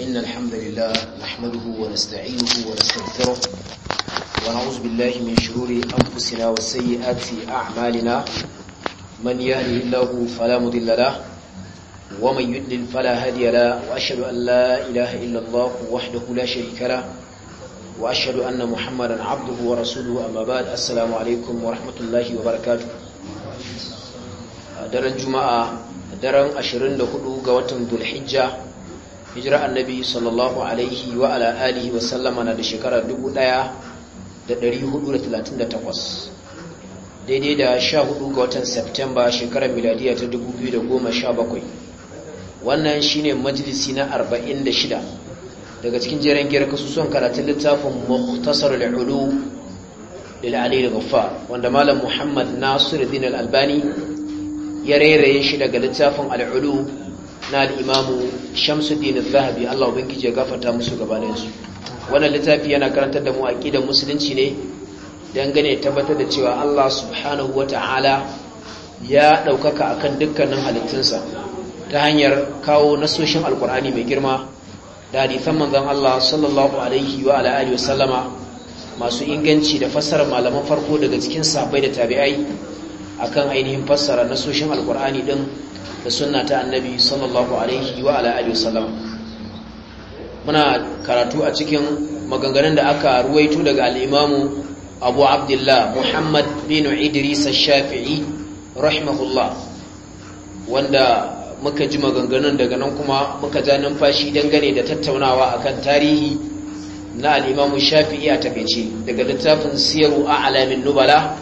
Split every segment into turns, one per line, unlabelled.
إن الحمد لله نحمده ونستعينه ونستغفره ونعوذ بالله من شرور أنفسنا وسيئات أعمالنا من يهده الله فلا مضل له ومن يدلل فلا هادي له وأشهد أن لا إله إلا الله وحده لا شريك له وأشهد أن محمدا عبده ورسوله أما بعد السلام عليكم ورحمة الله وبركاته daren juma'a daren 24 ga watan dulhijja hijira annabi sallallahu alaihi wa ala alihi wa sallama na da shekara 1438 daidai da 14 ga watan Septemba shekarar miladiya ta 2017 wannan shine majalisi na 46 daga cikin jeren giyar kasusuwan karatun littafin Mukhtasar al-Ulu Ali ghaffar wanda malam Muhammad Nasiruddin al-Albani ya rairaye shi daga littafin al'ulu na al'imamu shamsuddin zahabi Allah ubangiji ya gafata musu gabaninsu wannan littafi yana karantar da mu da musulunci ne dangane tabbatar da cewa Allah subhanahu wa ta'ala ya ɗaukaka a kan dukkanin halittunsa ta hanyar kawo nasoshin alkur'ani mai girma da hadisan manzan Allah sallallahu alaihi wa wasallama masu inganci da fassarar malaman farko daga cikin sahabbai da tabi'ai akan ainihin fassara nasoshin alkur'ani din da sunna ta annabi sallallahu alaihi wa muna karatu a cikin maganganun da aka ruwaito daga al'imamu Abu Abdullah Muhammad bin Idris shafii rahimahullah wanda muka ji maganganun daga nan kuma muka ja numfashi dangane da tattaunawa akan tarihi na al'imamu Shafi'i a takaice daga littafin Siyaru A'lamin Nubala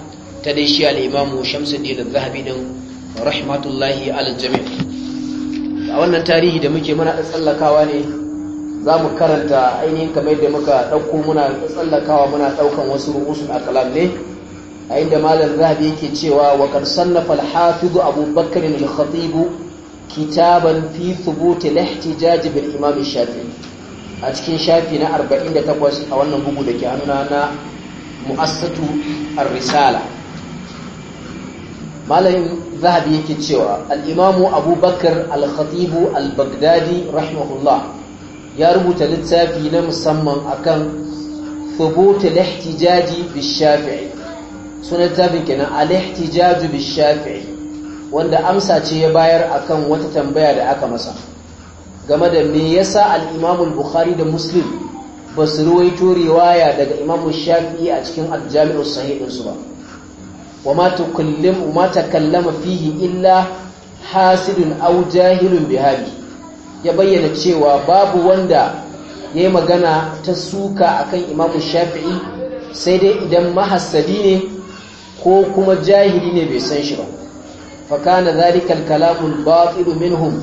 ta dai shi al'imamu shamsuddin zahabi din rahmatullahi a wannan tarihi da muke muna tsallakawa ne za mu karanta ainihin kamar yadda muka ɗauko muna tsallakawa muna ɗaukan wasu rubusun akalam ne a inda malam zahabi yake cewa wa kan hafizu abubakar al khatibu kitaban fi thubut al-ihtijaj bil a cikin shafi na 48 a wannan bugu da ke hannuna na mu'assatu ar-risala malamin zahabi yake cewa al'imamu abubakar al-khatibu al-baghdadi rahimahullah ya rubuta littafi na musamman akan thubutul lahtijaji bish-shafi'i littafin kenan al-ihtijaju bishafi'i wanda amsa ce ya bayar akan wata tambaya da aka masa game da me yasa al al-bukhari da muslim ba su ruwaito riwaya daga imamu shafi'i a cikin al-jami'u ba wa ma tukallim wa ma fihi illa hasidun au jahilun bihabi ya bayyana cewa babu wanda ya yi magana ta suka akan Imam Shafi'i sai dai idan mahasadi ne ko kuma jahili ne bai san shi ba fa kana zalika al-kalamu al-batil minhum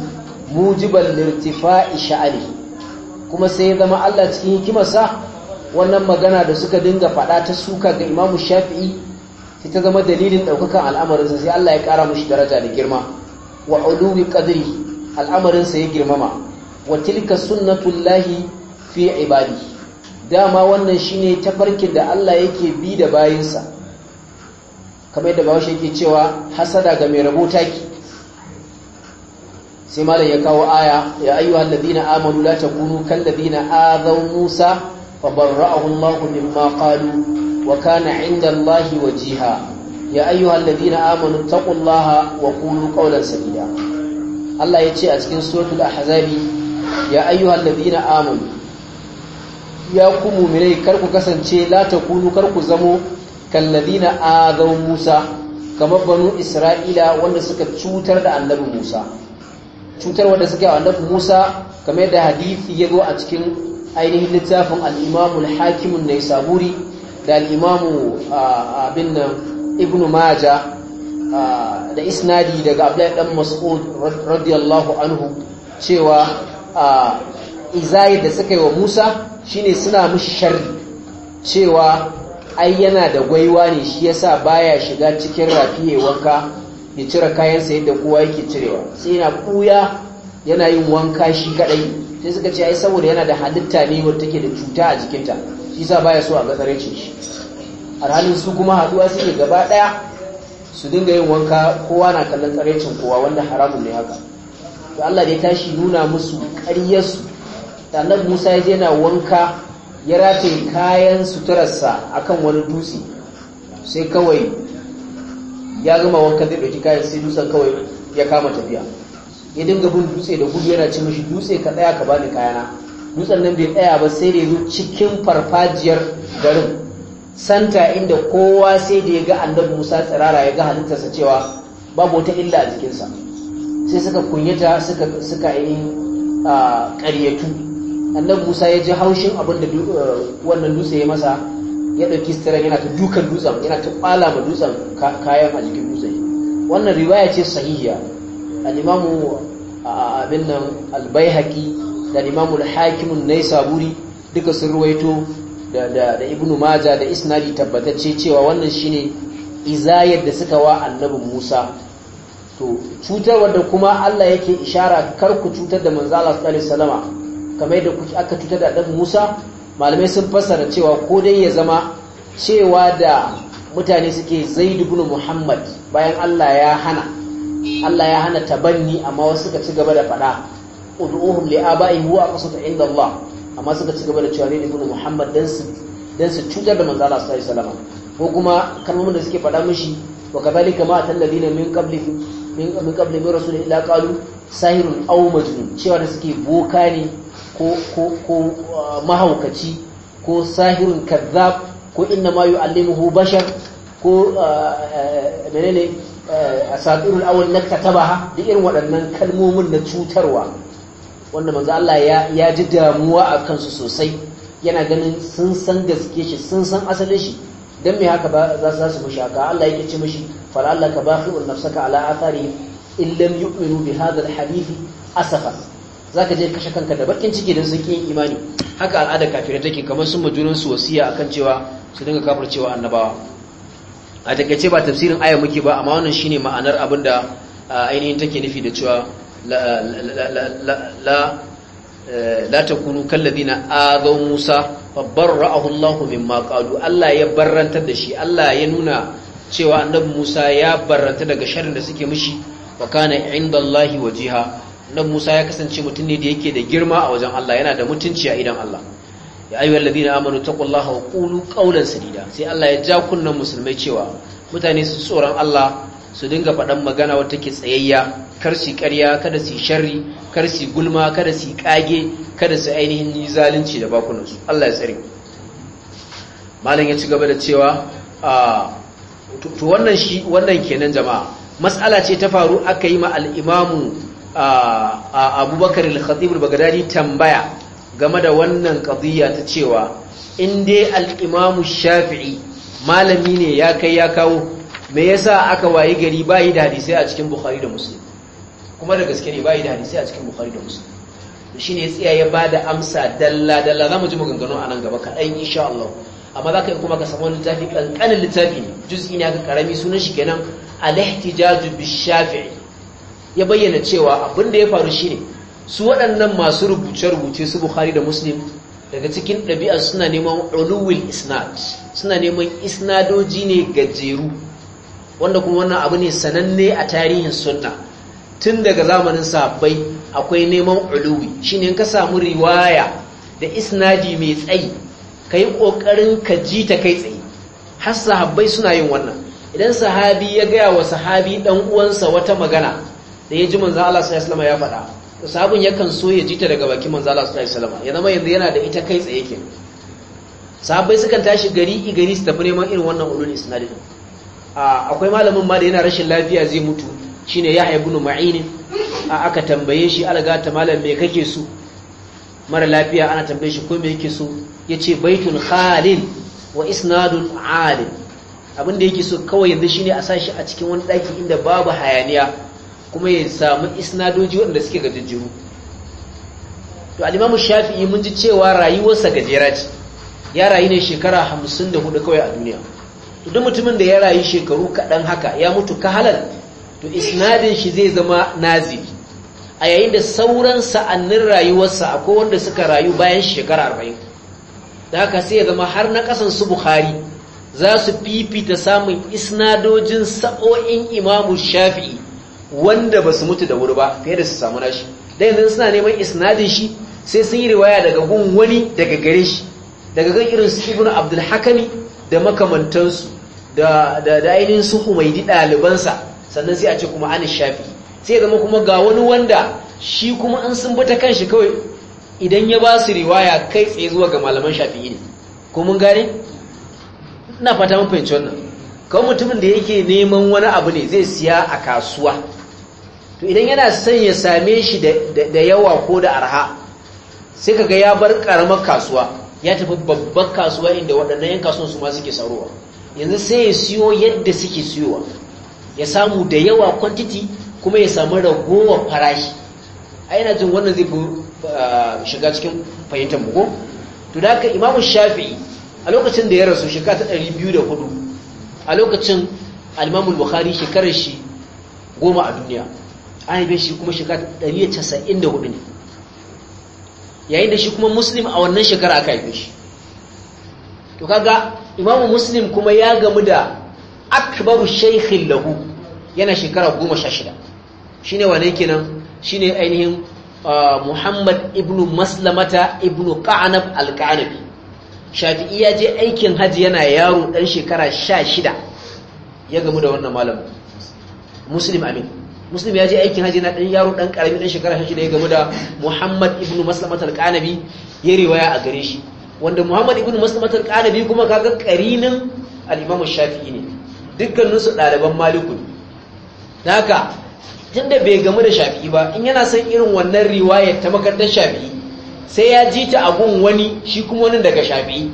mujiban lirtifa'i sha'ari kuma sai ya zama Allah cikin hikimarsa wannan magana da suka dinga faɗa ta suka ga Imam Shafi'i sai ta zama dalilin ɗaukakan al'amarinsa sai Allah ya ƙara mushi daraja da girma wa uluwi qadri al'amarinsa ya girmama wa tilka sunnatullahi fi ibadi dama wannan shine tafarkin da Allah yake bi da bayinsa kamar yadda bawashi yake cewa hasada ga mai rabo ki sai malam ya kawo aya ya ayyuhal ladina amanu la takunu kal ladina adaw musa فبرأه الله مما قالوا وكان عند الله وجيها يا أيها الذين آمنوا اتقوا الله وقولوا قولا سديدا الله يتشي أسكن سورة الأحزاب يا أيها الذين آمنوا يا قوموا مني كركو كسنشي لا تكونوا كركو زمو كالذين آذوا موسى كما بنو إسرائيل وانا تشوتر شوتر النبي موسى تشوتر وانا سكت النبي موسى كما يدى حديث يدو أتكين ainihin littafin al'imamu hakimun na saburi da al'imamu ah, ah, abin nan ibn maja ah, da isnadi daga abdullahi dan mas'ud radiyallahu anhu cewa izayi da suka yi wa musa shine suna mushi shari cewa ai yana da gwaiwa ne shi yasa baya shiga cikin rafiye wanka ya cire kayansa yadda kowa yake cirewa sai yana kuya yana yin wanka shi kadai sai suka ce ai saboda yana da halitta ne wanda take da cuta a jikinta shi sa baya so a gatsare shi alhalin su kuma haduwa suke gaba daya su dinga yin wanka kowa na kallon tsarecin kowa wanda haramun ne haka to Allah ya tashi nuna musu su. da annabi Musa ya je na wanka ya rataye kayan suturarsa akan wani dutse sai kawai ya gama wanka zai ɗauki kayan sai dutsen kawai ya kama tafiya ya dinga bin dutse da gudu yana ce mashi dutse ka tsaya ka bani kayana dutsen nan bai tsaya ba sai da ya zo cikin farfajiyar garin santa inda kowa sai da ya ga annabi Musa tsirara ya ga halittarsa cewa babu wata illa a jikinsa sai suka kunyata suka suka yi ƙaryatu annabi Musa ya ji haushin abin da wannan dutse ya masa ya ɗauki sitiran yana ta dukan dutsen yana ta kwala ma dutsen kayan a jikin dutsen wannan riwaya ce sahihiya al'imamu abin nan albayhaki da al'imamu hakimun na saburi duka sun ruwaito da ibnu maja da isnadi tabbatacce cewa wannan shine izayar da suka wa annabin musa to cutar wadda kuma allah yake ishara kar ku cutar da manzala sallallahu salama kamar yadda aka cutar da annabin musa malamai sun fassara cewa ko dai ya zama cewa da mutane suke zaid ibn muhammad bayan allah ya hana Allah ya hana tabanni amma wasu suka ci gaba da fada ud'uhum li aba'ihim huwa aqsatu inda Allah amma suka ci gaba da cewa ne ibnu Muhammad dan su dan su cutar da manzo Allah sallallahu alaihi wasallam ko kuma kalmomin da suke fada mishi wa kadhalika ma atalladina min qabli min min qabli bi rasul illa qalu sahirun aw majnun cewa da suke boka ne ko ko ko ah, mahaukaci ko sahirun kazzab ko inna ma yu'allimuhu bashar ko uh, uh, menene uh, a satirul awal na katabaha da irin waɗannan kalmomin na cutarwa wanda manzo Allah ya ji damuwa a kansu sosai yana ganin sun san gaske shi sun san asalin shi dan me haka ba za su mushi Allah yake ce mashi fala Allah ka nafsaka ala athari in lam yu'minu bi hadha alhadith asafa zaka je kashe kanka da bakin ciki dan sun yin imani haka al'ada kafirai take kamar sun majunan su wasiya akan cewa su dinga kafircewa annabawa a takaice ba tafsirin aya muke ba amma wannan shine ma'anar abin da ainihin take nufi da cewa la kallabi eh, takunu kalladina azaw Musa fabarra'ahu Allah mimma qalu Allah ya barrantar da shi Allah ya nuna cewa annabi Musa ya barranta daga sharrin da suke mishi wa kana indallahi wajiha annabi Musa ya kasance mutum ne da yake da girma a wajen Allah yana da mutunci a idan Allah ya ayyuhal ladina amanu taqullaha wa qulu qawlan sadida sai Allah ya ja kunnan musulmai cewa mutane su tsoron Allah su dinga faɗan magana wata ke tsayayya kar su ƙarya kada su sharri kar su gulma kada su kage kada su ainihin yi zalunci da bakunan su Allah ya tsare malam ya ci gaba da cewa a to wannan shi wannan kenan jama'a mas'ala ce ta faru aka yi ma al-imamu abubakar al-khatib al-baghdadi tambaya game da wannan qadiyya ta cewa in dai al-imamu shafi'i malami ne ya kai ya kawo me yasa aka wayi gari bayi da hadisai a cikin bukhari da muslim kuma da gaske ne bayi da hadisai a cikin bukhari da muslim shine ya tsaya ya bada amsa dalla dalla zamu ji maganganu a nan gaba kaɗan insha Allah amma za ka yi kuma ka samu littafi ƙanƙanin littafi ne juz'i ne aka karami sunan shi kenan al-ihtijaju shafi'i ya bayyana cewa abin da ya faru shine su waɗannan masu rubuce-rubuce su bukhari da muslim daga cikin ɗabi'a suna neman uluwil isnad suna neman isnadoji ne gajeru wanda kuma wannan abu ne sananne a tarihin sunna tun daga zamanin sahabbai akwai neman uluwi shine ka samu riwaya da isnadi mai tsayi kai ƙoƙarin ka ji ta kai tsaye har sahabbai suna yin wannan idan sahabi ya gaya wa sahabi dan uwansa wata magana da ya ji manzo Allah sallallahu alaihi wasallam ya faɗa to sahabin yakan so ya ji ta daga bakin Manzala su sallallahu salama. ya zama yanzu yana da ita kai tsaye ke sahabbai sukan tashi gari i gari su tafi neman irin wannan ulul isnadin akwai malamin ma da yana rashin lafiya zai mutu shine Yahya ma'ini A aka tambaye shi alga ta malam me kake so mara lafiya ana tambaye shi ko me yake so ce, baitun khalil wa isnadun alim abin da yake so kawai yanzu shine a sashi a cikin wani daki inda babu hayaniya kuma ya samu isnadoji waɗanda suke gajejjeru to alimamu shafi'i mun ji cewa rayuwarsa gajera ce ya rayu ne shekara hamsin da hudu kawai a duniya to duk mutumin da ya rayu shekaru kaɗan haka ya mutu ka halal to isnadin shi zai zama nazi? a yayin da sauran sa'annin rayuwarsa akwai wanda suka rayu bayan shekara arba'in da haka sai ya zama har na kasan su bukhari za su fifita samun isnadojin sa'o'in imamu shafi'i wanda ba su mutu da wuri ba fiye da su samu nashi da yanzu suna neman isnadin shi sai sun yi riwaya daga gun wani daga gare shi daga kan irin su ibnu abdul hakami da makamantansu da da ainihin su humaidi ɗalibansa sannan sai a ce kuma an shafi sai zama kuma ga wani wanda shi kuma an sun bata kanshi kawai idan ya ba su riwaya kai tsaye zuwa ga malaman shafi'i ne ko mun gane ina fata mun fahimci wannan kawai mutumin da yake neman wani abu ne zai siya a kasuwa to idan yana son ya same shi da yawa ko da arha sai kaga ya bar karamar kasuwa ya tafi babban kasuwa inda waɗannan yan kasuwan su ma suke sarowa yanzu sai ya siyo yadda suke siyowa ya samu da yawa kwantiti kuma ya samu ragowar farashi a yana jin wannan zai fi ah, shiga cikin fahimtar mu ko to da haka imamu shafi'i a lokacin da ya rasu shekara ta hudu, a lokacin al buhari bukhari shekarar shi goma a duniya an haife shi kuma shekara 194 ne yayin da shi kuma muslim a wannan shekara aka haife shi to kaga imamu muslim kuma ya gamu da akbaru shaykhin lahu yana shekara 16 shine wane kenan shine ainihin ah, Muhammad ibn Maslamata ibn Qanab al-Qanabi Shafi'i ya je aikin haji yana yaro dan shekara 16 ya gamu da wannan malamin Muslim amin muslim ya je aikin haji na ɗan yaro ɗan ƙarami ɗan shekara shashi da ya gamu da muhammad ibnu maslamat al ya riwaya a gare shi wanda muhammad ibnu maslamat al kuma kaga karinin al-imam shafi'i ne dukkanin su ɗaliban maliku haka tunda bai gamu da shafi'i ba in yana son irin wannan riwaya ta makarantar shafi'i sai ya ji ta abun wani shi kuma wani daga shafi'i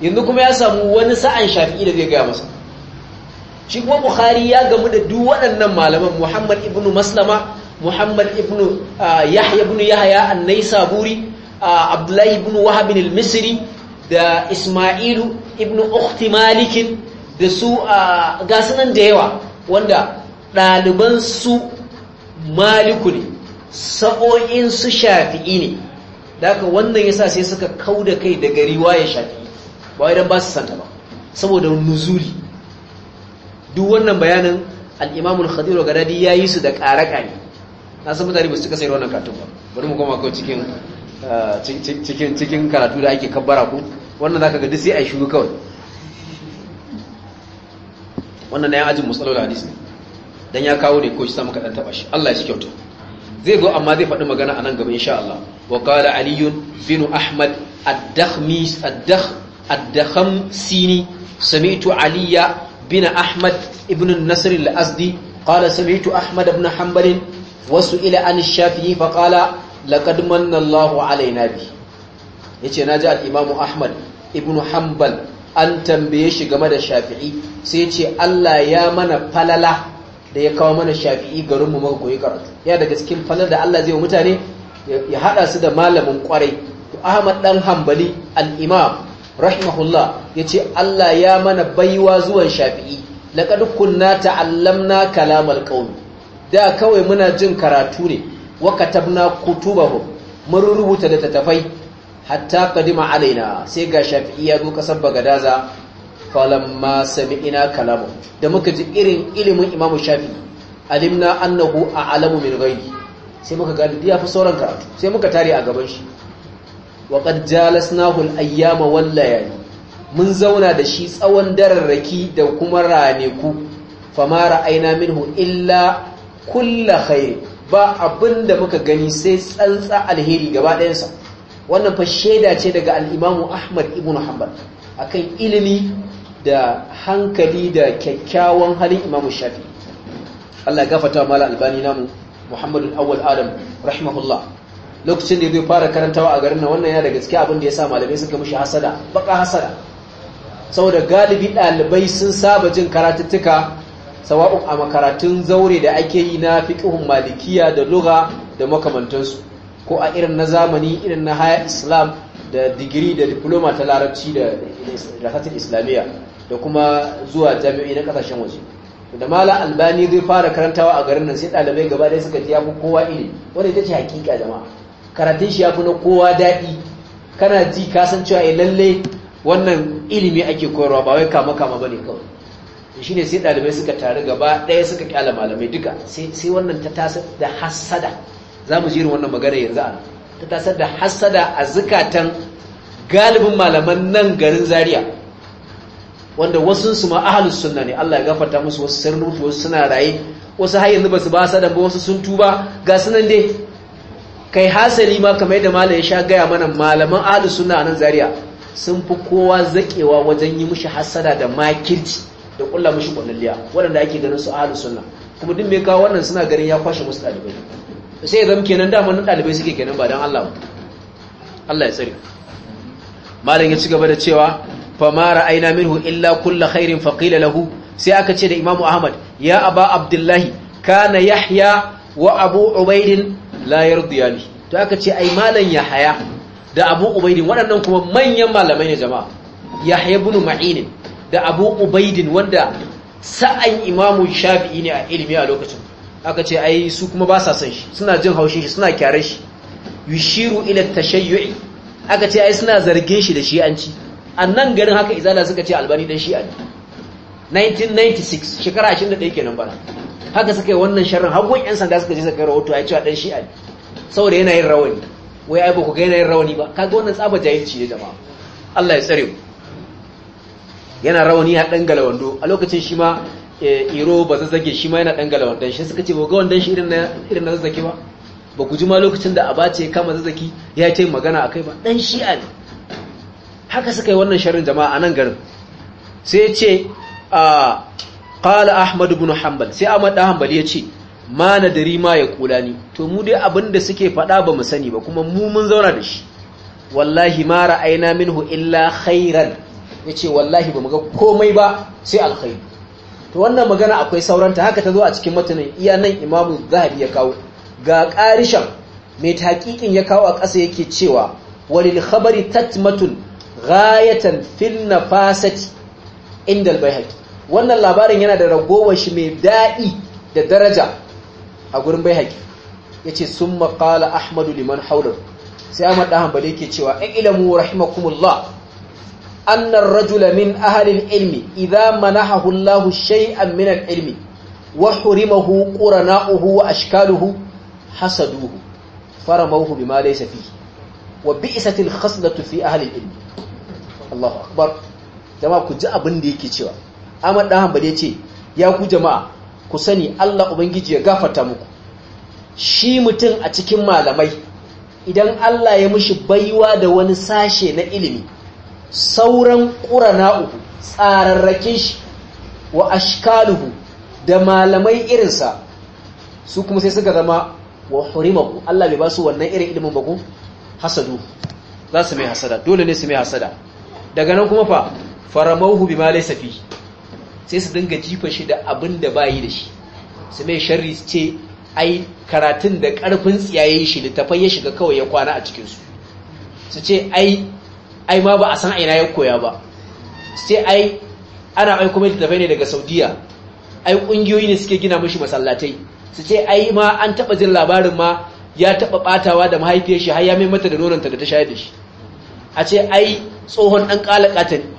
yanzu kuma ya samu wani sa'an shafi'i da zai gaya masa shi kuma bukhari ya gamu da duk waɗannan malaman muhammad ibn maslama muhammad ibn ah, yahya ibn yahya annai saburi ah, abdullahi ibn wahab al-misri da isma'ilu ibn ukhti malikin da su ah, a sunan da yawa wanda ɗaliban su maliku ne sa'o'in su shafi'i ne da haka wannan yasa sai suka kauda kai daga riwaya shafi'i ba idan ba su santa ba saboda nuzuli duk wannan bayanin al’imamun khadiru al-Khadir ya yi su da ƙaraƙa ne na san mutane ba su kasance wannan katon ba bari mu koma kawai cikin ah, cikin cikin karatu da ake kabbara ku wannan za ka gadi sai ai shiru kawai wannan ne ajin musalul hadisi don ya kawo ne ko shi samun kaɗan taɓa shi Allah ya shi kyauta zai zo amma zai faɗi magana a nan gaba insha Allah wa qala aliyun bin ahmad ad-dakhmi sami ito aliyya sini sami'tu بن أحمد ابن النصر الأسدي قال سمعت أحمد بن حنبل وسئل عن الشافعي فقال لقد من الله علينا به yace na ji alimamu Ahmad ibn Hanbal an tambaye shi game da Shafi'i sai yace Allah ya mana falala da ya kawo mana Shafi'i garin mu muka koyi karatu ya daga cikin falala da Allah zai wa mutane ya hada su da malamin kwarai to Ahmad dan Hanbali al-Imam rahimahullah ya ce, Allah ya mana baiwa zuwan shafi'i laqad kunna ta'allamna kalamal ƙaunu da kawai muna jin karatu ne wa katabna kutubahum mun rubuta tafai, hatta qadima alaina sai ga shafi'i ya zo kasar bagadaza falamma sami'ina kalamu da muka ji irin ilimin imamu shafi'i alimna annahu a'lamu min ghairi sai muka ga ya fi sauran karatu sai muka tare a gaban shi wa qad jalasnahu al-ayyama wal layali mun zauna da shi tsawon dararraki da kuma raneku famara ra'ayna minhu illa kulla khair ba abinda muka gani sai tsantsa alheri gaba ɗayansa wannan fa shaida ce daga al-imamu Ahmad ibn Hanbal akan ilimi da hankali da kyakkyawan halin imamu Shafi Allah ya gafarta mala albani namu Muhammadul Awwal Adam rahimahullah lokacin da ya zai fara karantawa a garin nan wannan yana da gaske abinda da ya sa malamai suka mushi hasada baka hasada saboda galibi dalibai sun saba jin karatuttuka sawa'un a makaratun zaure da ake yi na fiqhun malikiya da lugha da makamantansu ko a irin na zamani irin na haya islam da digiri da diploma ta larabci da rasatul islamiyya da kuma zuwa jami'i na kasashen waje da mala albani zai fara karantawa a garin nan sai dalibai gaba ɗaya suka ji ya fi kowa ilimi wanda ita ce hakika jama'a karatun shi ya fi na kowa daɗi kana ji kasan cewa ya eh, lalle wannan ilimi ake koyarwa ba wai kama kama ba ne kawai shi ne sai ɗalibai suka taru gaba ɗaya suka kyala malamai duka sai wannan ta tasar da hassada za mu jirin wannan magana yanzu a ta tasar da hassada a zukatan galibin malaman nan garin zaria wanda wasu su ma sunna ne Allah ya gafarta musu wasu sun rufe wasu suna raye wasu har yanzu ba su ba sadan ba wasu sun tuba ga sunan dai kai hasali ma kamar yadda malam ya sha gaya mana malaman ahlus sunna nan Zariya sun fi kowa zakewa wajen yi mushi hasada da makirci da kulla mushi kullaliya waɗanda ake ganin su ahlus sunna kuma duk mai ka wannan suna ganin ya kwashe musu ɗalibai sai zama kenan da nan dalibai suke kenan ba dan Allah Allah ya tsare malam ya ci gaba da cewa famara aina minhu illa kullu khairin qila lahu sai aka ce da Imam Ahmad ya aba Abdullahi kana Yahya wa Abu Ubaidin la diyali to aka ce ai malan yahaya da abu ubaidin waɗannan kuma manyan malamai ne jama'a yahya bunu ma'inin da abu ubaidin wanda sa'an imamu shafi'i ne a ilimi a lokacin aka ce ai su kuma ba sa son shi suna jin haushin shi suna kyare shi yushiru ila tashayyu'i aka ce ai suna zargin shi da shi'anci annan garin haka izala suka ce albani dan shi'a 1996 shekara 21 kenan bana haka suka yi wannan sharrin hagun 'yan sanda suka je suka yi rahoto ya cewa dan shi'a ne saboda yana yin rawani wai ai ba ga yana yin rawani ba kaga wannan tsaba jahilci ne jama'a Allah ya tsare mu yana rawani a dan galawando a lokacin shi ma eh, iro ba zazzage shi ma yana dan galawando shi suka ce ba ga wandan shi irin na irin na zazzage ba ba ku ji ma lokacin da abace kama zazzaki ya ce magana akai ba dan shi'a ne haka suka yi wannan sharrin jama'a a nan garin sai ya ce qala ahmad bin hanbal sai ahmad dan hanbal ya ce ma nadari ma ya kula ni to mu dai abinda suke faɗa ba mu sani ba kuma mu mun zauna da shi wallahi ma ra'ayna minhu illa khairan yace wallahi ba mu ga komai ba sai alkhairi to wannan magana akwai sauranta haka ta zo a cikin matanin iya nan imamu zahabi ya kawo ga ƙarishan mai taƙiƙin ya kawo a ƙasa yake cewa walil khabari tatmatun ghayatan fil nafasati inda albayhaqi wannan labarin yana da ragowar shi mai daɗi da daraja a gurin bai haƙi ya ce sun maƙala ahmadu liman haular sai ahmad ɗan hambali ke cewa in ilamu rahimakumullah annan rajula min ahalin ilmi idan manahahullahu allahu shay'an minan ilmi wa hurimahu qurana'uhu wa ashkaluhu hasaduhu faramauhu bima dai fihi wa bi'satil khaslatu fi ahalin ilmi Allahu akbar jama'a ku ji abin da yake cewa Ahmad dan Hanbali ya ce ya ku jama'a ku sani Allah ubangiji ya gafarta muku shi mutum a cikin malamai idan Allah ya mishi baiwa da wani sashe na ilimi sauran ƙurana uku tsararrakin shi wa ashkaluhu da malamai irinsa su kuma sai suka zama wa hurimaku Allah bai ba su wannan irin ilimin ba ku hasadu za su mai hasada dole ne su mai hasada daga nan kuma fa faramauhu bima laysa sai su dinga jifa shi da abin da bayi da shi su mai sharri su ce ai karatun da karfin tsiyaye shi littafai ya shiga kawai ya kwana a cikinsu su ce ai ai ma ba a san aina ya koya ba su ce ai ana ai kuma littafai ne daga saudiya ai kungiyoyi ne suke gina mashi masallatai su ce ai ma an taba jin labarin ma ya taba batawa da mahaifiyar shi har ya mai mata da nononta da ta shayar da shi a ce ai tsohon ɗan kalakata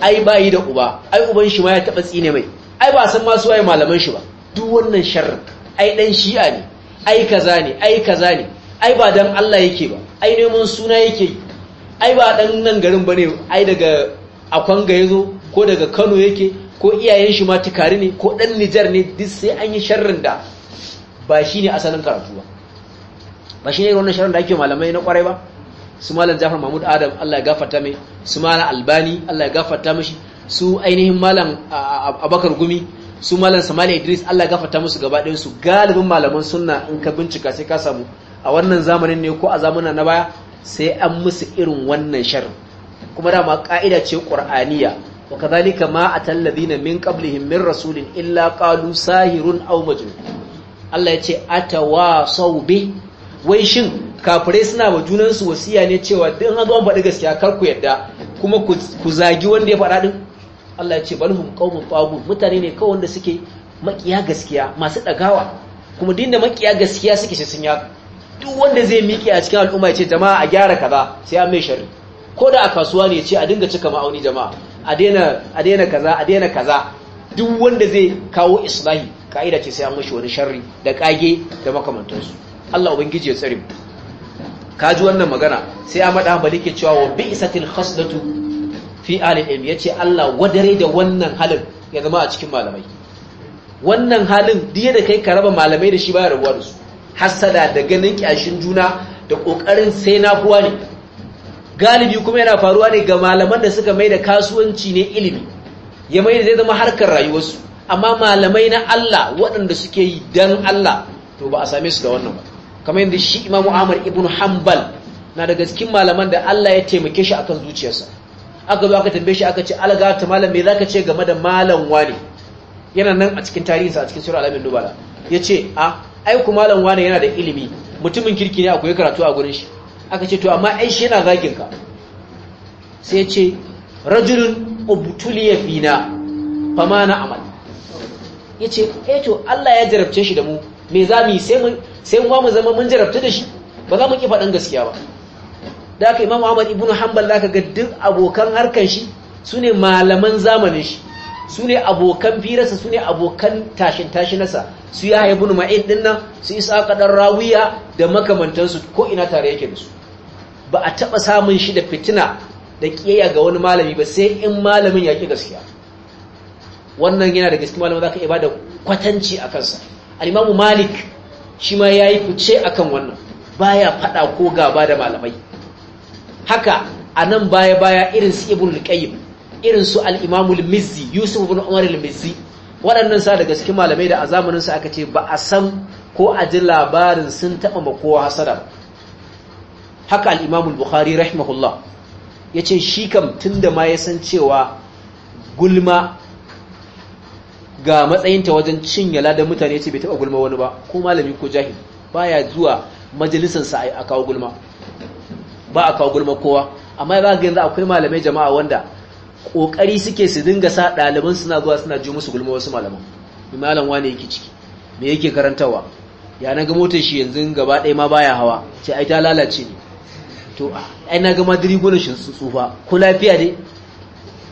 ai bayi da uba ai uban shi ma ya taba tsine mai ai ba san ma su waye malaman shi ba duk wannan sharri ai dan shi'a ne ai kaza ne ai kaza ne ai ba dan Allah yake ba ai neman suna yake ai ba dan nan garin bane ai daga akwanga yazo ko daga Kano yake ko iyayen shi ma tukari ne ko dan Nijar ne duk sai an yi sharrin da ba shine asalin karatu ba ba shine irin wannan sharrin da ake malamai na kwarai ba su malam Jafar Mahmud Adam Allah ya gafarta mai su malam Albani Allah ya gafarta mishi su ainihin malam Abakar Gumi su malam Samali Idris Allah ya gafarta musu gaba ɗayan su galibin malaman sunna in ka bincika sai ka samu a wannan zamanin ne ko a zamana na baya sai an musu irin wannan sharri kuma dama ka'ida ce qur'aniya wa kadhalika ma atal ladina min qablihim min rasulin illa qalu sahirun aw Allah ya ce sau bi wai shin kafirai suna wa junansu wasiya ne cewa din an zo an faɗi gaskiya kar ku yadda kuma ku zagi wanda ya faɗa din Allah ya ce balhum qaumun tabu mutane ne kawai wanda suke makiya gaskiya masu dagawa kuma dinda makiya gaskiya suke shi sun ya duk wanda zai miƙe a cikin al'umma ya ce jama'a a gyara kaza sai an mai shari, ko da a kasuwa ne ya ce a dinga cika ma'auni jama'a a daina a daina kaza a daina kaza duk wanda zai kawo islahi ka'ida ce sai an mashi wani sharri da kage da makamantansu Allah ubangiji ya tsare mu kaji wannan magana sai Ahmad mada ke cewa wa bi'satil khaslatu fi alil ilm yace Allah wadare da wannan halin ya zama a cikin malamai wannan halin diye da kai ka raba malamai da shi baya rabuwa da su hasada da ganin kyashin juna da kokarin sai na kuwa ne galibi kuma yana faruwa ne ga malaman da suka mai da kasuwanci ne ilimi ya mai da zai zama harkar rayuwarsu amma malamai na Allah waɗanda suke yi dan Allah to ba a same su da wannan ba kamar yadda shi imamu amur ibn hanbal na daga cikin malaman da Allah ya taimake shi akan zuciyarsa aka zo aka tambaye shi aka ce alga ta malam me zaka ce game da malam wani yana nan a cikin tarihinsa a cikin sura alamin nubala yace a ai ku malam wani yana da ilimi mutumin kirki ne akwai karatu a gurin shi aka ce to amma ai shi yana zagin ka sai ya ce rajulun ubtuliya fina fa na amal yace eh to Allah ya jarabce shi da mu me za mu yi sai mu zama mun jarabta da shi ba za mu ki faɗin gaskiya ba da aka imam ahmad ibn hanbal da aka ga duk abokan harkan shi su ne malaman zamanin shi su ne abokan firarsa su ne abokan tashin tashinarsa su ya haibu na ma'id din nan su isa kaɗan rawiya da makamantansu ko ina tare yake da su ba a taɓa samun shi da fitina da ƙiyayya ga wani malami ba sai in malamin ya ƙi gaskiya wannan yana da gaskiya malamin za ka iya ba da kwatanci a kansa alimamu malik shi ma yayi fice kan wannan baya fada ko gaba da malamai haka a nan baya baya irin su ibn al-qayyim irin su al-imamu mizzi yusuf ibn umar al-mizzi waɗannan sa daga cikin malamai da a zamanin su aka ce ba a san ko a ji labarin sun taɓa ma kowa hasada haka al-imamu al-bukhari rahimahullah yace shi kam tunda ma ya san cewa gulma ga matsayinta wajen cinye ladan mutane ce bai taba gulma wani ba ko malami ko jahil baya zuwa majalisansa a kawo gulma ba a kawo gulma kowa amma ba ga yanzu akwai malamai jama'a wanda kokari suke su dinga sa ɗaliban suna zuwa suna ji musu gulma wasu malaman mai malam wane yake ciki me yake karantawa ya na ga motar shi yanzu gaba ɗaya ma baya hawa ce ai ta lalace ne to ai na ga ma gona shi tsufa ko lafiya dai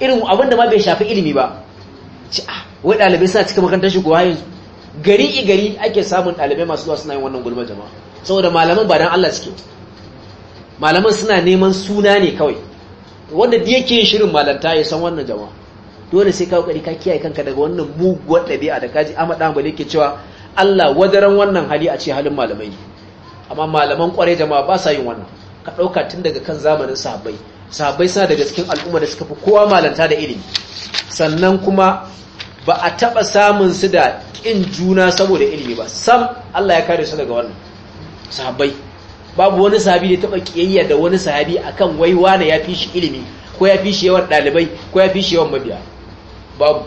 irin abin da ma bai shafi ilimi ba Ci ah wai ɗalibai suna cika makarantar shi kuwa yanzu gari i gari ake samun ɗalibai masu zuwa suna yin wannan gulmar jama'a saboda malaman ba dan Allah suke malaman suna neman suna ne kawai wanda da yake yin shirin malanta ya san wannan jama'a dole sai ka kokari ka kiyaye kanka daga wannan muguwar ɗabi'a da kaji Ahmad Ahmad yake cewa Allah wadaran wannan hali a ce halin malamai amma malaman kwarai jama'a ba sa yin wannan ka ɗauka tun daga kan zamanin sahabbai sahabbai suna daga cikin al'umma da suka fi kowa malanta da ilimi sannan kuma ba a taɓa samun su da ƙin juna saboda ilimi ba sam Allah ya kare su daga wannan sahabbai babu wani sahabi da taɓa ƙiyayya da wani sahabi akan wai wane ya fi shi ilimi ko ya fi shi yawan ɗalibai ko ya fi shi yawan mabiya babu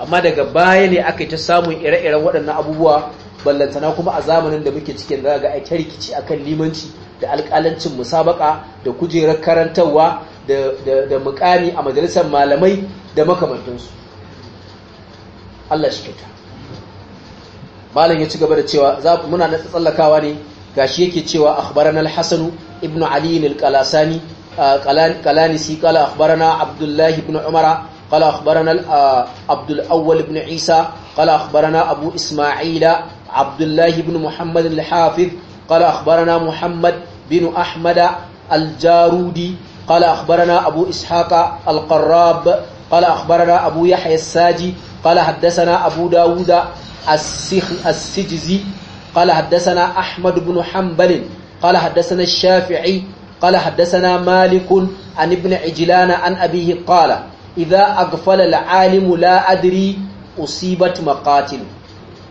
amma daga baya ne aka yi ta samun ire-iren waɗannan abubuwa ballantana kuma a zamanin da muke cikin za ga ai rikici akan limanci da alƙalancin musabaka da kujerar karantarwa da mukami a majalisar malamai da makamantansu Allah shi kyauta malam ya ci gaba da cewa za muna na tsallakawa ne gashi yake cewa akhbarana al-hasan ibn ali al-qalasani qalanisi qala akhbarana abdullah ibn umara قال أخبرنا عبد الأول بن عيسى قال أخبرنا أبو إسماعيل عبد الله بن محمد الحافظ قال Muhammad Bin بن أحمد قال أخبرنا أبو إسحاق القراب قال أخبرنا أبو يحيى الساجي قال حدثنا أبو داود السجزي قال حدثنا أحمد بن حنبل قال حدثنا الشافعي قال حدثنا مالك عن ابن عجلان عن أبيه قال إذا أغفل العالم لا أدري أصيبت مقاتل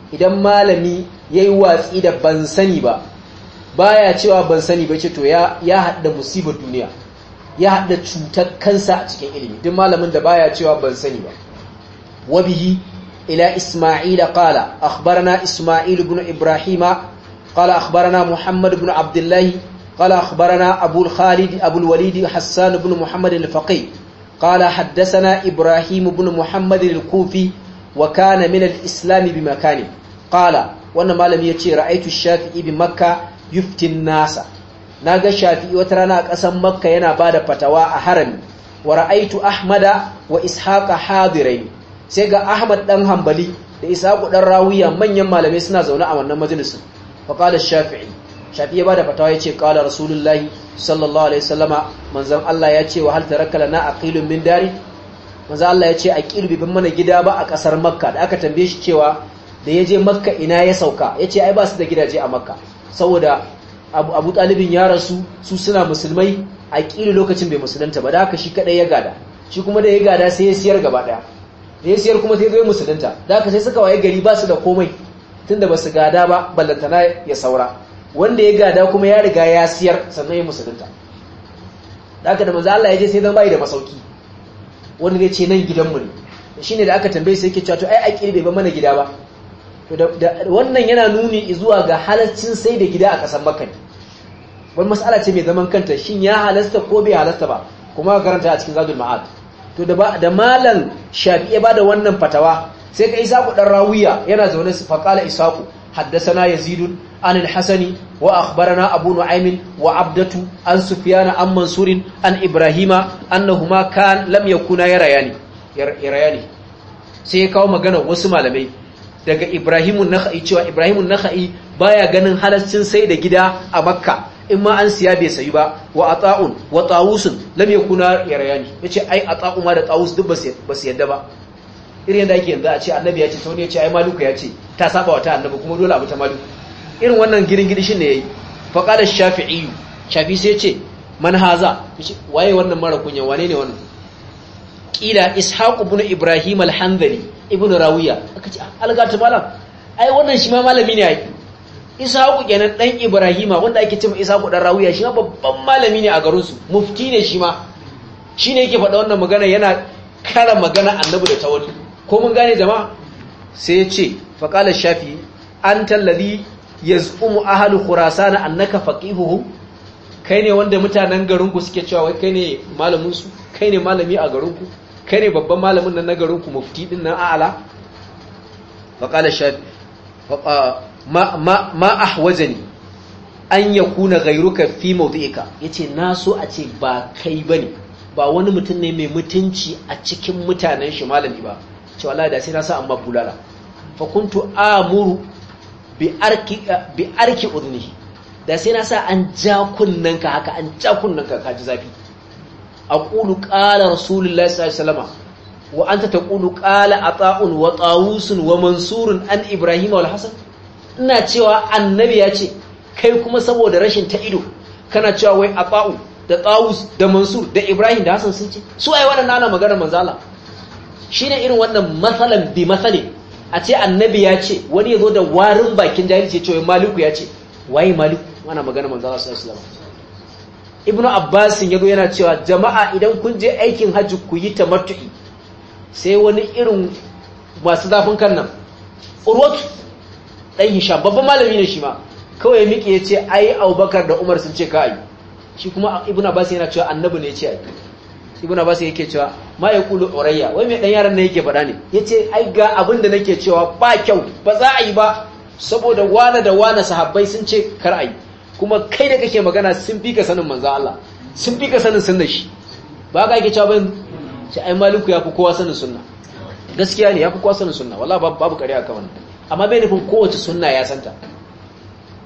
idan malami yayi watsi da ban sani ba baya cewa ban sani ba ce to ya ya hadda musibar duniya ya haɗa cutar kansa a cikin ilimi duk malamin da baya cewa ban sani ba wabihi ila isma'ila qala akhbarana isma'il ibn ibrahima qala akhbarana muhammad ibn Abdullahi, qala akhbarana abu khalid walid hassan ibn muhammad al-faqih qala haddathana ibrahim ibn muhammad al-kufi wa kana min al-islam bi makani qala wannan malami yace ra'aytu shafi'i bi makkah yuftin nasa na ga shafi'i wata rana a ƙasan makka yana ba da fatawa a harami wa ra'aitu ahmada wa ishaqa hadirai sai ga ahmad dan hanbali da ishaqu dan rawiya manyan malamai suna zaune a wannan majalisin fa qala shafi'i shafi'i ba da fatawa yace qala rasulullahi sallallahu alaihi wasallama manzon Allah ya ce wa hal taraka lana aqilun min dari manzon Allah ya aqil bi ban mana gida ba a ƙasar makka da aka tambaye shi cewa da yaje makka ina ya sauka yace ai ba su da gidaje a makka saboda abu talibin ya rasu su suna musulmai a ƙiri lokacin bai musulunta ba da haka shi kaɗai ya gada shi kuma da ya gada sai ya siyar gaba ɗaya da ya siyar kuma sai zai musulunta da haka sai suka waye gari ba su da komai tun da ba su gada ba ballantana ya saura wanda ya gada kuma ya riga ya siyar sannan ya musulunta da haka da manzo Allah ya je sai zan bai da masauki wanda zai ce nan gidanmu ne shine da aka tambaye sai yake cewa to ai a ƙiri bai ba mana gida ba wannan yana nuni zuwa ga halaccin sai da gida a ƙasar makani wani matsala ce mai zaman kanta shin ya halasta ko bai halasta ba kuma karanta a cikin zadul ma'ad to da malam shafi ya bada wannan fatawa sai ka isaku dan rawiya yana zaune su faqala isaku haddathana yazid an al-hasani wa akhbarana abu nu'aym wa abdatu an sufyan an mansur an ibrahima annahuma kan lam yakuna yarayani yarayani sai ya kawo magana wasu malamai daga ibrahimun nakha'i cewa ibrahimun nakha'i baya ganin halascin sai da gida a makka in ma an siya bai sayi ba wa ata'un wa tawusun lam yakuna yarayani yace ai ata'u ma da tawus duk ba su yadda ba irin yadda ake yanzu a ce annabi ya ce sauni ya ce ai maluka ya ce ta saba wa ta annabi kuma dole abu ta maluka irin wannan girin gidi shin ne yayi fa qala shafi'i shafi sai ce man haza waye wannan mara kunya wane ne wannan kila ishaq ibn ibrahim al-hanbali ibn rawiya aka ce ah, algatu malam ai wannan shi ma malami ne ai ishaq kenan dan ibrahima wanda ake cewa ishaq dan rawiya shi ma babban malami ne a garin su mufti ne shi ma shine yake faɗa wannan magana yana kara magana annabi da ta ko mun gane jama'a sai ya ce qala shafi anta alladhi yaz'umu ahlu khurasan annaka faqihuhum kai ne wanda mutanen garinku suke cewa wai kai ne malaminsu kai ne malami a garinku kai ne babban malamin nan na garinku mufti din nan a'ala faƙala shafi ma ahwazani an ya kuna fi mawdi'ika ya ce na so a ce ba kai ba ne ba wani mutum ne mai mutunci a cikin mutanen shi malami ba cewa wallahi da sai na sa amma bulala kuntu amuru bi arki udnihi da sai na sa an ja kunnanka haka an ja kunnanka ka ji zafi A qala rasulullahi sallallahu alaihi wasallam wa anta taqulu qala ata'un wa ta'usun wa mansurun an ibrahim wal hasan ina cewa annabi ya ce kai kuma saboda rashin ta ido kana cewa wai ata'u da ta'us da mansur da ibrahim da hasan sun ce su ai wadannan ana magana manzala shine irin wannan masalan bi matsale? a ce annabi ya ce wani ya zo da warin bakin jahilci ya ce wai maliku ya ce waye malik ana magana manzo Allah sallallahu alaihi wasallam ibnu abbas yazo yana cewa jama'a idan kun je aikin hajji ku yi tamattu'i sai wani irin masu zafin kan nan urwatu dan hisham babban malami ne shi ma kawai miƙe yace ce ai abubakar da umar sun ce ka ayi shi kuma ibnu abbas yana cewa annabi ne ya ce ayi ibnu abbas yake cewa ma ya kulu urayya wai me dan yaran ne yake faɗa ne yace ai ga abin da nake cewa ba kyau ba za a yi ba saboda wane da wane sahabbai sun ce kar'ai kuma kai da kake magana sun fi ka sanin manzo Allah sun fi ka sanin sunna shi ba ka yake cewa ban shi ai maliku yafi kowa sanin sunna gaskiya ne yafi kowa sanin sunna wallahi babu ƙarya aka wannan amma bai nufin kowace sunna ya santa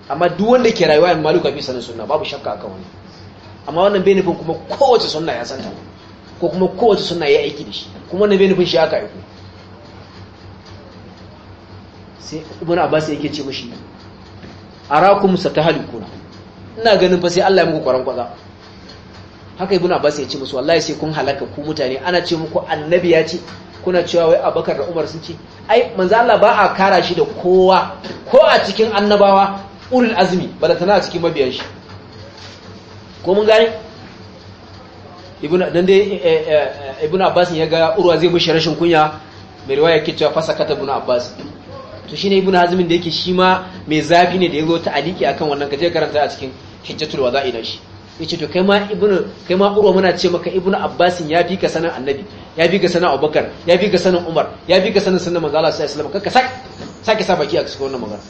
amma duk wanda ke rayuwa in maliku yafi sanin sunna babu shakka akan wannan amma wannan bai nufin kuma kowace sunna ya santa ko kuma kowace sunna ya aiki da shi kuma wannan bai nufin shi aka aiki. sai ibn abbas yake ce mishi arakum satahalikuna ina ganin fa Allah ya muku kwaran haka ibn abbas ya ce musu wallahi sai kun halaka ku mutane ana ce muku annabi ya ce kuna cewa wai abakar da umar sun ce ai manzo Allah ba a kara shi da kowa ko a cikin annabawa ulul azmi bala tana a cikin mabiyan shi ko mun gani? ibn dan dai eh, eh, eh, ibn abbas ya ga urwa zai mishi rashin kunya mai riwaya yake cewa fasakata ibn abbas to shine ibnu hazmin da yake shi ma mai zafi ne da yazo ta aliki akan wannan kaje karanta a cikin hijjatul wada'i na shi yace to kai ma ibnu kai ma urwa muna ce maka ibnu abbasin ya fi ka sanin annabi ya fi ka sanin abubakar ya fi ka sanin umar ya fi ka sanan sunnan manzo Allah sallallahu alaihi wasallam kaka sake sa baki a cikin wannan magana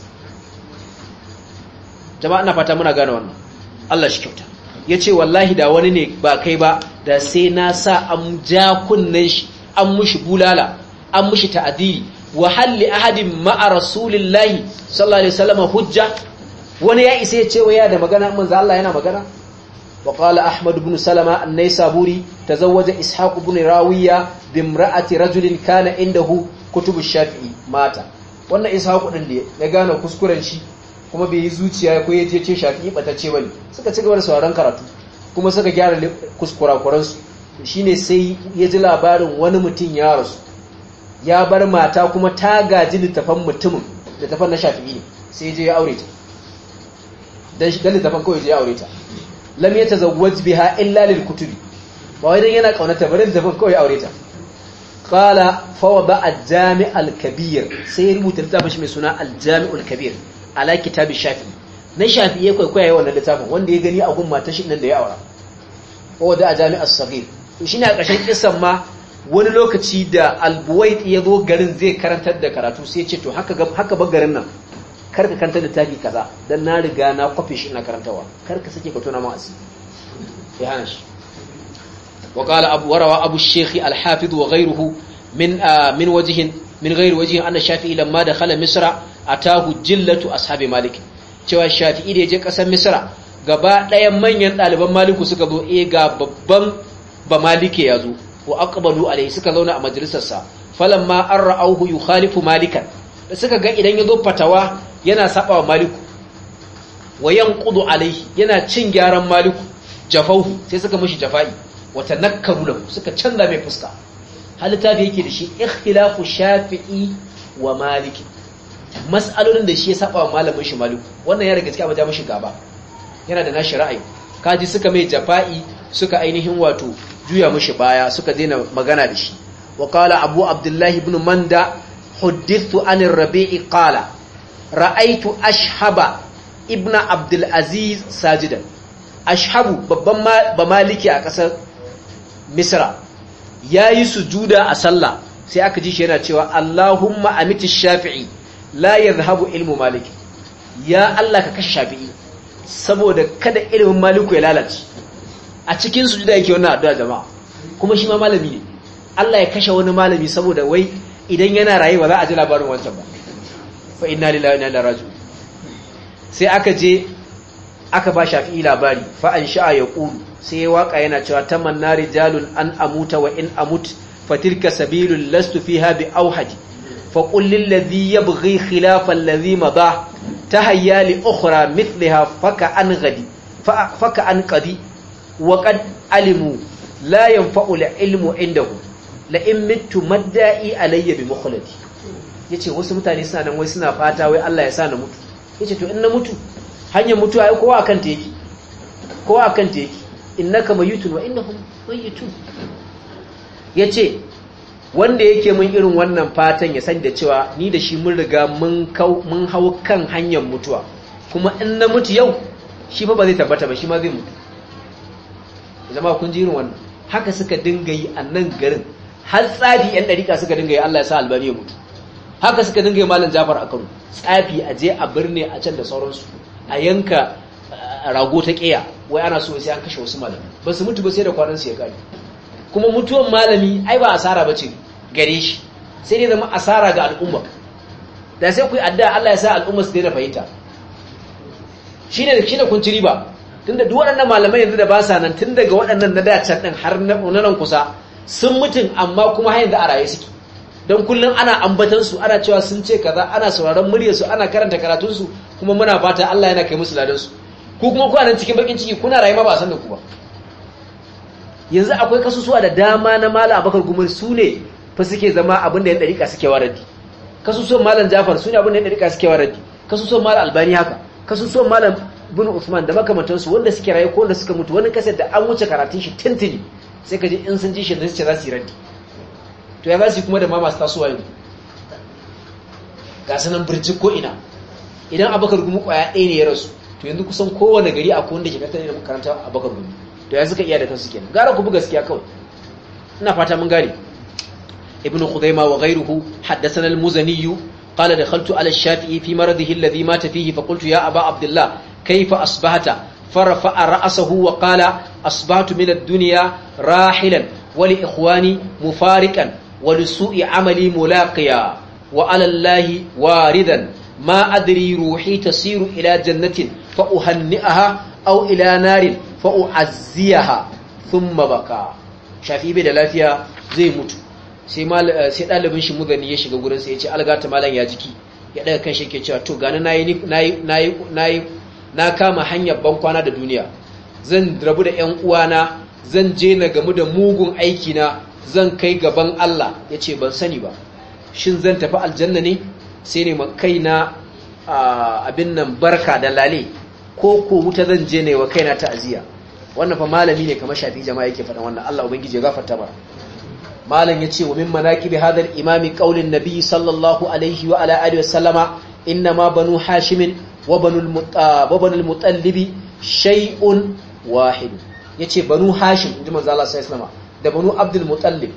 jama'a ina fata muna gane wannan Allah shi kyauta yace wallahi da wani ne ba kai ba da sai na sa an ja kunnan shi an mushi bulala an mushi ta'adiri wa halli ahadin ma'a rasulillahi sallallahu alaihi wasallam hujja wani ya isa ya ce wa ya da magana manzo Allah yana magana wa qala ahmad ibn salama an-naysaburi tazawwaja ishaq ibn rawiya bi imra'ati rajulin kana indahu kutubu shafi'i mata wannan ishaq din da ya gane kuskuren shi kuma bai yi zuciya ko ya ce shafi'i ce bane suka ci gaba da sauraron karatu kuma suka gyara kuskurakuransu shine sai ya ji labarin wani mutum ya rasu ya bar mata kuma ta gaji littafan mutumin littafan na shafi'i ne sai je ya aure ta dan littafan kawai je ya aure ta lam yatazawwaj biha illa lil kutubi ba wai dan yana kaunata bari littafan kawai ya aure ta qala fa wa ba al-jami' al-kabir sai ya rubuta littafin shi mai suna al-jami' al-kabir ala kitabi shafi'i na shafi'i ya kwaikwaya wannan littafin wanda ya gani a gun matar shi nan da ya aura wa da al as-saghir to a ƙarshen kisan ma wani lokaci da albuwait ya zo garin zai karantar da karatu sai ce to haka ba garin nan kar ka karanta littafi kaza dan na riga na kwafe shi ina karantawa kar ka sake ka tona ma asiri sai hana shi wa qala abu warawa abu shaykh al-hafiz wa ghayruhu min ah, min min ghayri wajhin anna shafi'i lamma dakhala misra atahu jillatu ashabi malik cewa shafi'i da ya je kasar misra gaba ɗayan manyan ɗaliban maliku suka zo e ga babban ba malike ya zo wa aqbalu alayhi suka zauna a majalisar majalisarsa falamma an yukhalifu malikan da suka ga idan yazo fatawa yana saba wa maliku wa yanqudu alayhi yana cin gyaran maliku jafahu sai suka mishi jafai wa tanakkaru lahu suka canza mai fuska hal da yake da shi ikhtilafu shafi'i wa maliki mas'alolin da shi ya saba wa malamin shi maliku wannan ya riga cikin abin da mishi gaba yana da nashi ra'ayi kaji suka mai jafa'i suka ainihin wato juya mashi baya suka daina magana da shi wa qala abu abdullahi ibn manda huddithu an rabii qala ra'aitu ashhaba ibn abdul aziz sajidan ashhabu babban ba maliki a kasar misra yayi sujuda a sallah sai aka ji shi yana cewa allahumma amiti shafi'i la yadhhabu ilmu maliki ya allah ka kashe shafi'i saboda kada ilimin maliku ya lalace a cikin sujuda yake wannan addu'a jama'a kuma shi ma malami ne Allah ya kashe wani malami saboda wai idan yana raye ba za a ji labarin wancan ba fa inna lillahi wa inna ilaihi raji'un sai aka je aka ba shafi'i labari fa an sha'a ya sai waka yana cewa tamanna rijalun an amuta wa in amut fatilka sabilul lastu fiha bi auhadi. fa qul lil ladhi yabghi khilafa alladhi hayali tahayya li ukhra mithlaha faka an ghadi faka an qadi wa alimu la yanfa'u la ilmu indahu la in mittu madda'i alayya bi mukhlati yace wasu mutane suna nan wai suna fata wai Allah ya sa na mutu yace to in na mutu hanyar a ai kowa kan ta yake kowa kan ta yake innaka mayitun wa innahum Ya yace wanda yake mun irin wannan fatan ya san da cewa ni da shi mun riga mun kau mun hau kan hanyar mutuwa kuma in na mutu yau shi fa ba zai tabbata ba shi ma zai mutu zama kun ji irin wannan haka suka dinga yi a nan garin har tsafi yan ɗarika suka dinga yi Allah ya sa albani ya mutu haka suka dinga yi malam jafar a kano tsafi a je a birni a can da sauransu a yanka uh, rago ta ƙeya wai ana so sai an kashe wasu malami ba su mutu ba sai da kwanan su ya kare kuma mutuwan malami ai ba asara ba ce gare shi sai dai zama asara ga al'umma da sai ku yi addu'a Allah ya sa al'umma su daina fahimta shine da kun ci riba tunda duk waɗannan malamai yanzu da ba sa nan tun daga waɗannan na dacan ɗin har na nan kusa sun mutum amma kuma har yanzu a raye suke don kullum ana ambatan su ana cewa sun ce kaza ana sauraron muryar su ana karanta karatun su kuma muna fata Allah yana kai musu ladan su ku kuma ku nan cikin bakin ciki kuna rayuwa ba san da ku ba yanzu akwai kasusuwa da dama na malam Abakar Gumar su ne fa suke zama abin da yan dariƙa suke waradi kasusuwan malam Jafar su ne abin da yan dariƙa suke waradi kasusuwan malam Albani haka kasusuwan malam bin Usman da makamantansu wanda suke raye ko wanda suka mutu wani kasar da an wuce karatun shi tintini sai ka ji in sun ji shi da suke za su yi ranti. to ya za su kuma da ma masu tasowa yanzu ga sanan birjik ko ina idan abakar gumi kwaya ɗaya ne ya rasu to yanzu kusan kowane gari a wanda ke kasar da makaranta abakar gumi to ya suka iya da kansu kenan gara ku bi gaskiya kawai ina fata mun gane ibnu khudaima wa ghayruhu haddathana al-muzani قال دخلت على الشافعي في مرضه الذي مات فيه فقلت يا أبا عبد الله kaifa asbahata farafa ra'sahu wa qala asbahtu min ad-dunya rahilan wani ikwani ikhwani mufariqan wa su'i amali mulaqiya wa 'ala allahi waridan ma adri ruhi tasiru ila jannatin fa uhanni'aha aw ila narin fa u'azziyaha thumma baka shafi bai da zai mutu sai ɗalibin shi mugani ya shiga gurinsa ya ce algata malam ya jiki ya daga kan shi ke cewa to gani na yi na kama hanyar bankwana da duniya zan rabu da 'yan uwana zan je na gamu da mugun aikina zan kai gaban Allah ya ce ban sani ba shin zan tafi aljanna ne sai ne kaina abin nan barka da lale ko ko wuta zan je ne wa kaina ta'aziya? wannan fa malami ne kamar shafi jama'a yake faɗan wannan Allah ubangiji ya gafarta ba malam ya ce wa min manaqibi hadal imami qaulin nabi sallallahu alaihi wa ala alihi wa sallama inna ma banu hashimin wa banul mutallibi shay'un wahid yace banu hashim inji manzo Allah Islama, da banu abdul mutallib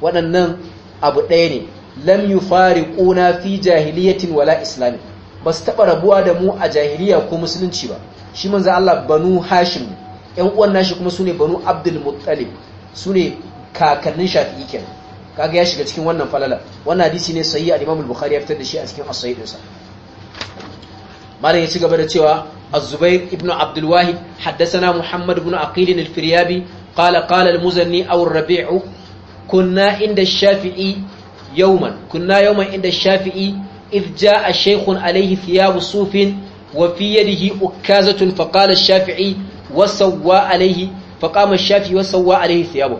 waɗannan abu ɗaya ne lam yufariquna fi jahiliyatin wala islami basu taɓa rabuwa da mu a jahiliya ko musulunci ba shi manzo Allah banu hashim ƴan uwan nashi kuma sune banu abdul muttalib sune kakannin shafi'i kenan kaga ya shiga cikin wannan falala wannan hadisi ne sahihi al-Imam al-Bukhari ya fitar da shi a cikin as-sahih malam ya ci gaba da cewa az-zubair ibnu abdul wahid haddathana muhammad ibn aqil al-firyabi qala qala al-muzanni aw ar-rabi'u kunna inda ash-shafi'i yawman kunna yawman inda ash-shafi'i idh ja'a shaykhun alayhi sufin وفي يده أكازة فقال الشافعي وسوى عليه فقام الشافعي وسوى عليه ثيابه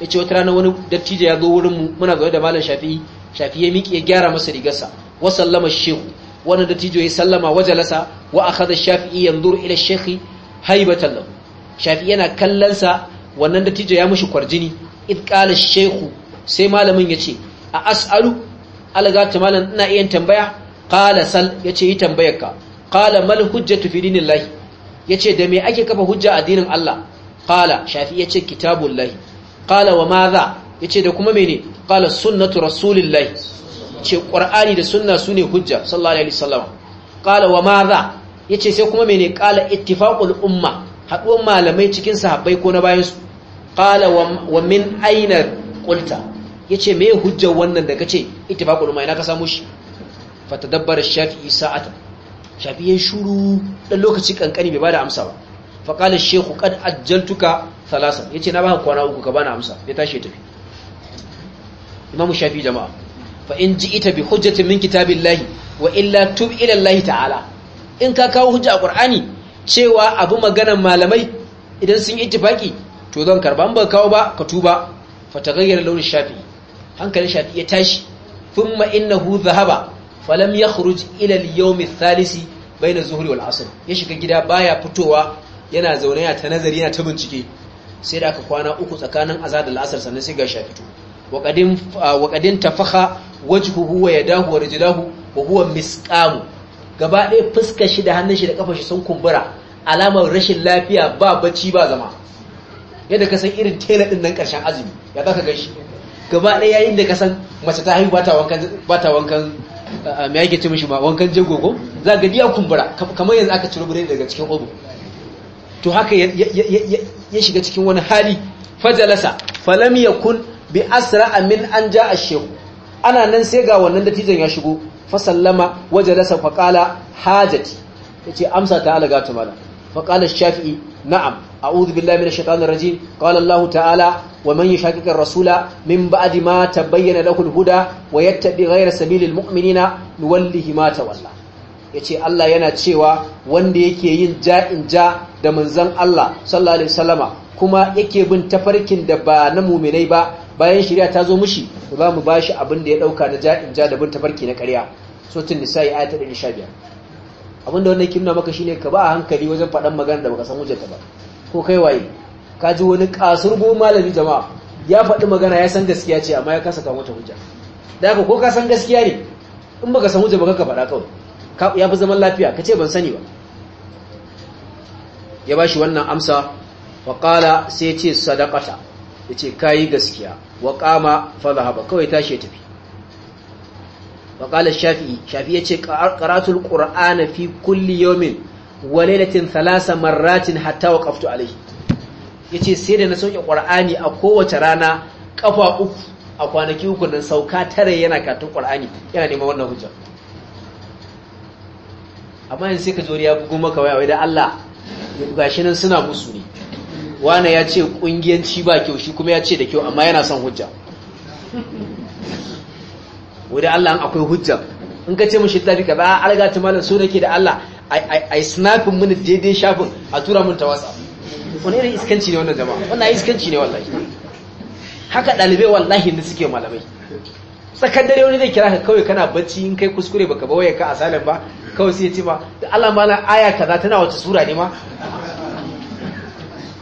yace wata rana wani dattijo ya zo wurin mu muna zaune da malam shafi'i shafi'i ya miƙe ya gyara masa rigarsa wa sallama shehu wani dattijo ya sallama wa jalasa wa shafi'i yanzuru ila shaykhi haibatan lahu shafi'i yana kallon sa wannan dattijo ya mushi kwarjini id qala sai malamin yace a as'alu alga ta ina iya tambaya Kala sal yace yi tambayarka qala mal hujjatu fi dinillahi yace da me ake kafa hujja a dinin Allah Kala shafi'i yace kitabullahi Kala wa madha yace da kuma mene Kala sunnatu rasulillahi ce qur'ani da sunna sune hujja sallallahu alaihi wasallam qala wa ma za, ya ce sai kuma mene ƙala ittifaqul umma haduwan malamai cikin sahabbai ko na bayansu. su qala wa min ƙulta, ya ce me hujja wannan da kace ittifaqul umma ina ka samu shi Fata dabbar shafi fatadabbara shafi'i shafi ya shuru ɗan lokaci ƙanƙani bai ba da amsa ba fa qala shaykhu qad ajjaltuka ya ce na baka kwana uku ka bana amsa ya tashi tafi imamu shafi jama'a fa in ita bi hujjatin min lahi wa illa tub ila Allah ta'ala in ka kawo hujja a Kur'ani, cewa abu maganar malamai idan sun yi ittifaki to zan karba an ba kawo ba ka tuba fa gayyar launin shafi hankalin shafi ya tashi thumma innahu zahaba falam yakhruj ila yau yawm ath-thalith bayna zuhri wal asr ya shiga gida baya fitowa yana zaune ya ta nazari yana ta bincike sai da aka kwana uku tsakanin azad da sannan sai ga shafi wa wa qadin tafaha wajhuhu wa yadahu wa rijlahu wa huwa misqam gaba ɗaya fuskar shi da hannun shi da kafar shi sun kumbura alamar rashin lafiya ba bacci ba zama yadda ka san irin tela din nan karshen azumi ya zaka gan shi gaba ɗaya yayin da ka san mace ta haihu ba ta wankan ba ta wankan ah, me yake ce mishi ba wankan ko? za ga diya kumbura kamar yanzu aka ciro bure daga cikin obo to haka ya shiga cikin wani hali fajalasa falam yakun bi asra min an ja ash ana nan sai ga wannan dattijan ya shigo fa sallama wajalasa fa qala hajati yace amsa ta alaga ta mala fa qala shafi'i na'am a'udhu billahi minash shaitanir rajim qala allah ta'ala wa man shakikar rasula min ba'di ma tabayyana lahu al wa yattabi ghayra sabilil mu'minina nuwallihi ma tawalla yace Allah yana cewa wanda yake yin ja'in ja da manzon Allah sallallahu alaihi wasallama kuma yake bin tafarkin da ba na mu'minai ba bayan shirya ta zo mushi to za mu bashi abin da ya ɗauka na ja'in ja da bin tafarki na ƙarya sotun nisa'i ayat 115 abin da wannan ke nuna maka shine ka ba a hankali wajen faɗan magana da baka san ta ba ko kai waye ka ji wani kasur go malami jama'a ya faɗi magana ya san gaskiya ce amma ya kasa kawo wata hujja dan ko ka san gaskiya ne in baka san hujja ba ka faɗa kawai ya fi zaman lafiya ka ce ban sani ba ya ba shi wannan amsa faƙala sai ce sadakata ya ce kayi gaskiya wa kama haɓa kawai tashi ya tafi ƙalar shafi'i shafi'i ya ce karatul ƙura'ana fi kulli yomin wa lailatin thalasa marratin hatta wa kaftu alaihi ya ce sai da na sauke ƙura'ani a kowace rana ƙafa uku a kwanaki uku nan sauka tare yana katun ƙura'ani yana neman wannan hujja amma yanzu sai ka zo ya bugu maka waya wai da Allah gashi nan suna musu ne wane ya ce kungiyanci ba kyau shi kuma ya ce da kyau amma yana son hujja wadda Allah akwai hujja in ka ce mashi tafi ka ba alga ah, ta malam so nake da Allah a yi snapin mini daidai shafin a tura mun ta wasa wani irin iskanci ne wannan jama'a wannan iskanci ne wallahi haka ɗalibai wallahi da suke malamai tsakar dare wani zai kira ka kawai kana bacci in kai kuskure baka ba waya ka asalin ba kawai sai ya ce ma da Allah mala aya kaza tana wata sura ne ma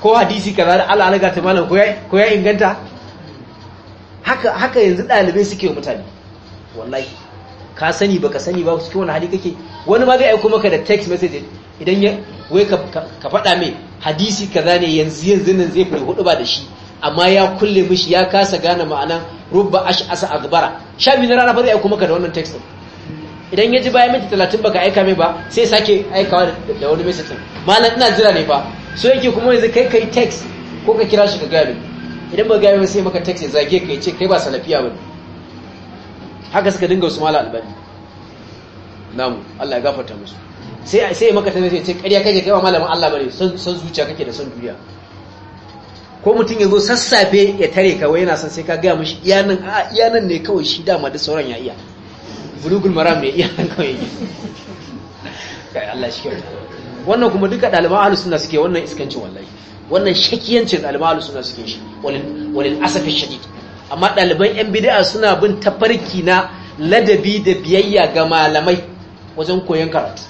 ko hadisi kaza da Allah alaga ta malam ko ya inganta haka haka yanzu dalibai suke mutane wallahi ka sani baka sani ba cikin wani hali kake wani ma zai ko maka da text message idan ya wai ka faɗa mai hadisi kaza ne yanzu yanzu nan zai fara hudu ba da shi amma ya kulle mishi ya kasa gane ma'ana rubba ash'asa agbara sha biyu na rana ba zai ko maka da wannan text idan ya ji bayan minti 30 baka aika mai ba sai sake aikawa da wani message malam ina jira ne fa so yake kuma yanzu kai kai text ko ka kira shi ka gabe idan ba gabe sai maka text ya zage ka ce kai ba salafiya ba haka suka dinga su mala albani namu Allah ya gafarta musu sai sai maka tana sai ce ƙarya kake kai ba malamin Allah bane san san zuciya kake da san duniya ko mutum ya zo sassafe ya tare ka wai yana son sai ka ga mishi iyanan a iyanan ne kawai shi dama da sauran ya iya bulugul maram ne iyanan kawai kai Allah shi kyauta wannan kuma duka ɗaliban alusunna suke wannan iskancin wallahi wannan shakiyancin ɗaliban alusunna suke shi walil asafin shadid amma ɗaliban yan bid'a suna bin tafarki na ladabi da biyayya ga malamai wajen koyon karatu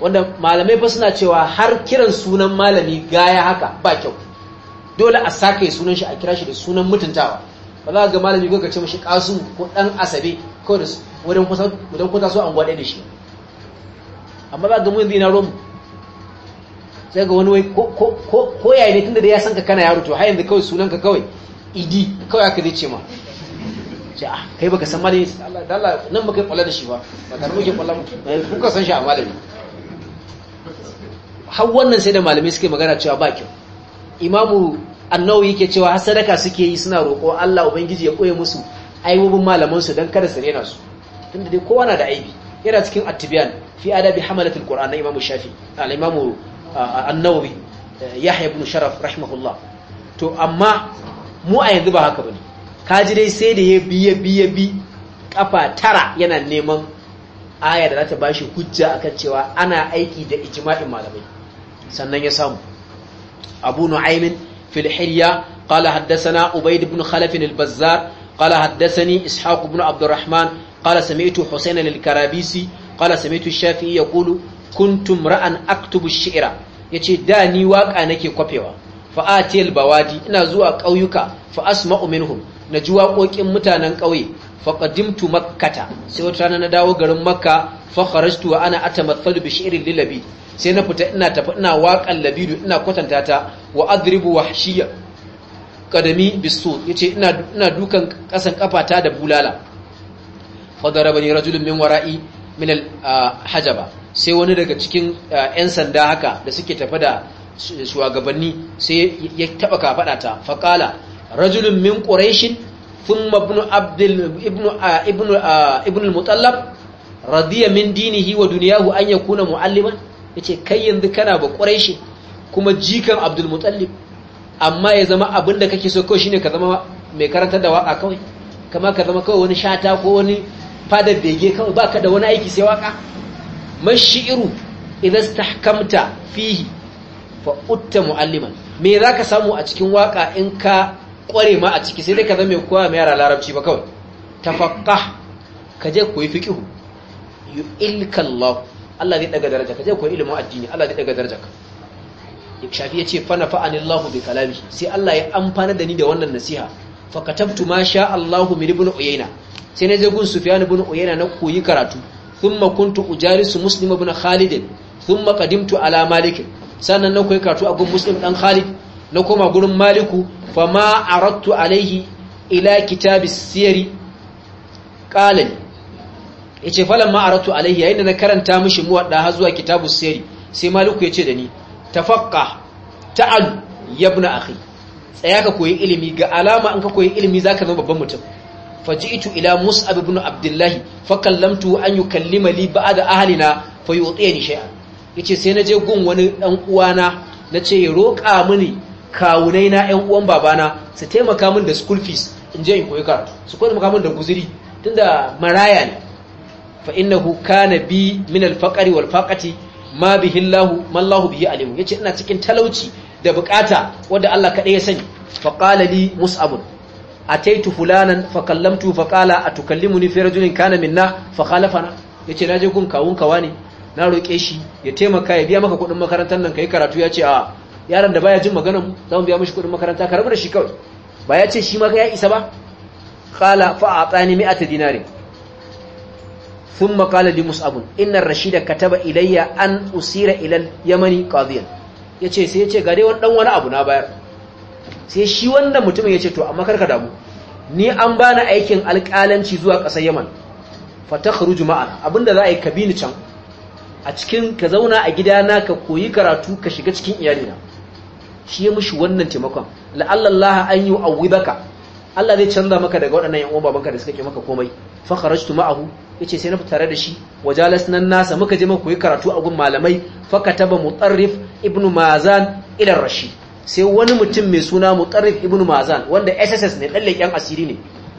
wanda malamai fa suna cewa har kiran sunan malami gaya haka ba kyau dole a sake sunan shi a kira shi da sunan mutuntawa ba za ga malami ko ka ce mashi kasu ko dan asabe ko da wurin kusa so an gwade da shi amma ba ga mun zina romu sai ga wani wai ko ne tunda da ya san ka kana yaro to har yanzu kawai sunan ka kawai idi kawai aka zai ce ma ce ah, kai baka san malami Allah da Allah nan baka kwallo da shi ba ba tare muke kwalla mu eh, kuka san shi a malami har wannan sai da malamai suke magana cewa ba kyau imamu annawi yake cewa har sadaka suke yi suna roƙo Allah ubangiji ya koye musu aibobin malaman su dan kada su rena su tunda dai kowa na da aibi yana cikin attibiyan fi adabi hamalatul qur'an imamu shafi al imamu annawawi yahya ibn sharaf rahimahullah to amma mu a yanzu ba haka bane kaji dai sai da ya bi ya bi kafa tara yana neman aya da za ta bashi hujja akan cewa ana aiki da ijma'in malamai sannan ya samu abu nu'aymin fil kala-haddasana haddathana ubayd ibn khalaf al-bazzar haddasani ishaq ibn abdurrahman kala sami'tu husayn al-karabisi qala sami'tu shafi'i yaqulu kuntum ra'an aktubu shi'ira yace da ni waka nake kwafewa fa atil bawadi ina zuwa ƙauyuka fa asma'u minhum naji waƙoƙin mutanen ƙauye fa qadimtu makkata sai wata rana na dawo garin makka fa kharajtu wa ana atamathalu bi shi'ri lilabi sai na fita ina tafi ina waƙan labidu ina kwatanta ta wa adribu wahshiya qadami bisu yace ina ina dukan ƙasan kafata da bulala fa darabani rajulun min wara'i min hajaba sai wani daga cikin yan sanda haka da suke tafi da shugabanni sai ya taba kafada ta faqala rajulun min quraish thumma ibn abdul ibn ibn ibn al-mutallab radiya min dinihi wa dunyahu an yakuna mualliman yace kai yanzu kana ba quraish kuma jikan abdul mutallab amma ya zama abinda kake so kawai shine ka zama mai karantar da waka kawai kama ka zama kawai wani shata ko wani fada bege kawai ka da wani aiki sai waka mashi'iru idan stahkamta fihi fa utta mualliman me za ka samu a cikin waka in ka kware ma a ciki sai dai ka zama kowa mai yara larabci ba kawai tafaqqah ka je koyi yi yu'ilka Allah Allah zai daga daraja ka je koyi ilimin addini Allah zai daga daraja ka shafi yace fa nafa'ani Allah bi kalami sai Allah ya amfana da ni da wannan nasiha fakatabtu ma sha Allahu min ibn Uyayna sai na je gun Sufyan ibn Uyayna na koyi karatu thumma kuntu ujarisu Muslim ibn Khalid thumma qadimtu ala Malik sannan na koyi karatu a gun Muslim dan Khalid na koma gurin Maliku fa ma aradtu alaihi ila kitabis siyari qala yace falan ma aradtu alaihi yayin da na karanta mishi wadda har zuwa kitabus siyari sai Maliku yace da ni tafaqqa ta'al ya ibn akhi tsaya ka koyi ilimi ga alama an ka koyi ilimi zaka zama babban mutum faji'tu ila mus'ab ibn abdullah fa kallamtu an yukallima li ba'da ahlina fa yu'tiyani shay'a yace sai naje gun wani dan uwana nace ya roka mini kawunai na ƴan uwan babana su taimaka min da school fees in je in koyi karatu su maka min da guzuri tunda maraya ne fa innahu kana bi min al-faqri wal faqati ma bihi Allah ma Allah bihi alim yace ina cikin talauci da bukata wanda Allah kaɗai ya sani faƙala li mus'abun taitu fulanan fakallamtu faƙala a tukallimuni fere rajulin kana minna fa khalafana yace je kun kawun kawa ne na roƙe shi ya taimaka ya biya maka kuɗin makarantar nan yi karatu ya ce a yaron da baya jin maganar mu za mu biya mishi kuɗin makaranta ka rabu da shi kawai ba ya ce shi ma ya isa ba qala fa atani mi'ata dinari thumma qala li mus'ab inna ar-rashida kataba ilayya an usira ila al-yamani qadiyan ya ce sai ya ce gare wani ɗan wani abu na bayar sai shi wanda mutumin ya ce to amma karka damu ni an ba bani aikin alƙalanci zuwa ƙasar yaman fata juma'a abinda za a yi kabini can a cikin ka zauna a gidana ka koyi karatu ka shiga cikin iyalina shi ya mushi wannan taimakon la'allallaha an yi baka Allah zai canza maka daga waɗannan yan uwan babanka da suka ke maka komai fa kharajtu ma'ahu yace sai na fita tare da shi wajalasnan nasa muka je maka koyi karatu a gun malamai Fakataba kataba mutarrif ibnu mazan idan rashid sai wani mutum mai suna mutarrif ibnu mazan wanda SSS ne dalle yan asiri ne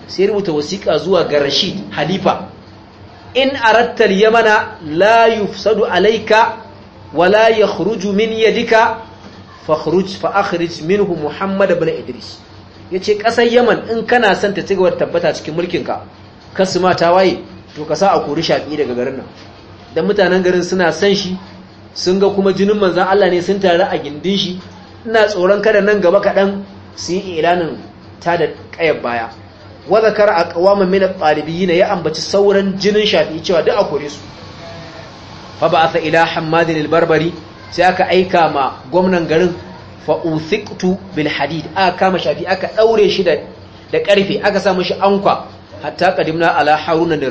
sai rubuta wasiƙa zuwa ga rashid halifa in a al-yamana la yufsadu alayka wala yakhruju min yadika fakhruj fa akhrij minhu muhammad ibn idris ya ce ƙasar yaman in kana son ta cigaba da tabbata cikin mulkinka kasu ma ta waye to ka sa a kori shaƙi daga garin nan don mutanen garin suna son shi sun ga kuma jinin manzan Allah ne sun taru a gindin shi ina tsoron kada nan gaba kaɗan su yi ilanin ta da ƙayar baya wadda kar a ƙawamin mina ɗalibi na ya ambaci sauran jinin shafi cewa duk a kore su fa ba a ila hamadin albarbari sai aka aika ma gwamnan garin fa uthiqtu bil hadid aka kama shafi aka daure shi da da karfe aka sa mishi anka hatta ƙadimna ala haruna da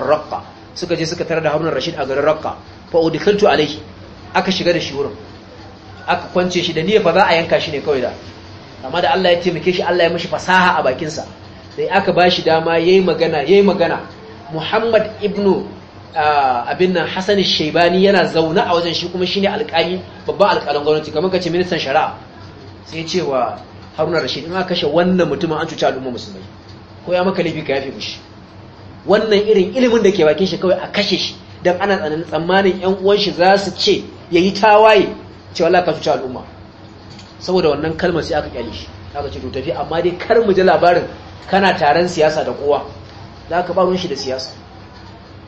raqqa suka je suka tarar da haruna rashid a garin raqqa fa udkhiltu alayhi aka shiga da shi wurin aka kwance shi da niyya fa za a yanka shi ne kawai da amma da Allah ya taimake shi Allah ya mishi fasaha a bakin sa sai aka bashi dama yayi magana yayi magana Muhammad ibnu Ah, abin nan Hassan Shaibani yana zauna a wajen shi kuma shine alƙali babban alƙalin gwamnati kamar kace ministan shari'a sai ya ce wa Haruna Rashid in aka kashe wannan mutumin an cuci al'umma musulmai ko ya maka laifi ka yafe mushi wannan irin ilimin da ke bakin shi kawai a kashe shi dan ana tsananin tsammanin ƴan uwan shi za su ce yayi tawaye ce wallahi ka cuci al'umma saboda wannan kalmar sai aka kyale shi aka ce to tafi amma dai kar mu ji labarin kana taron siyasa da kowa za ka ba shi da siyasa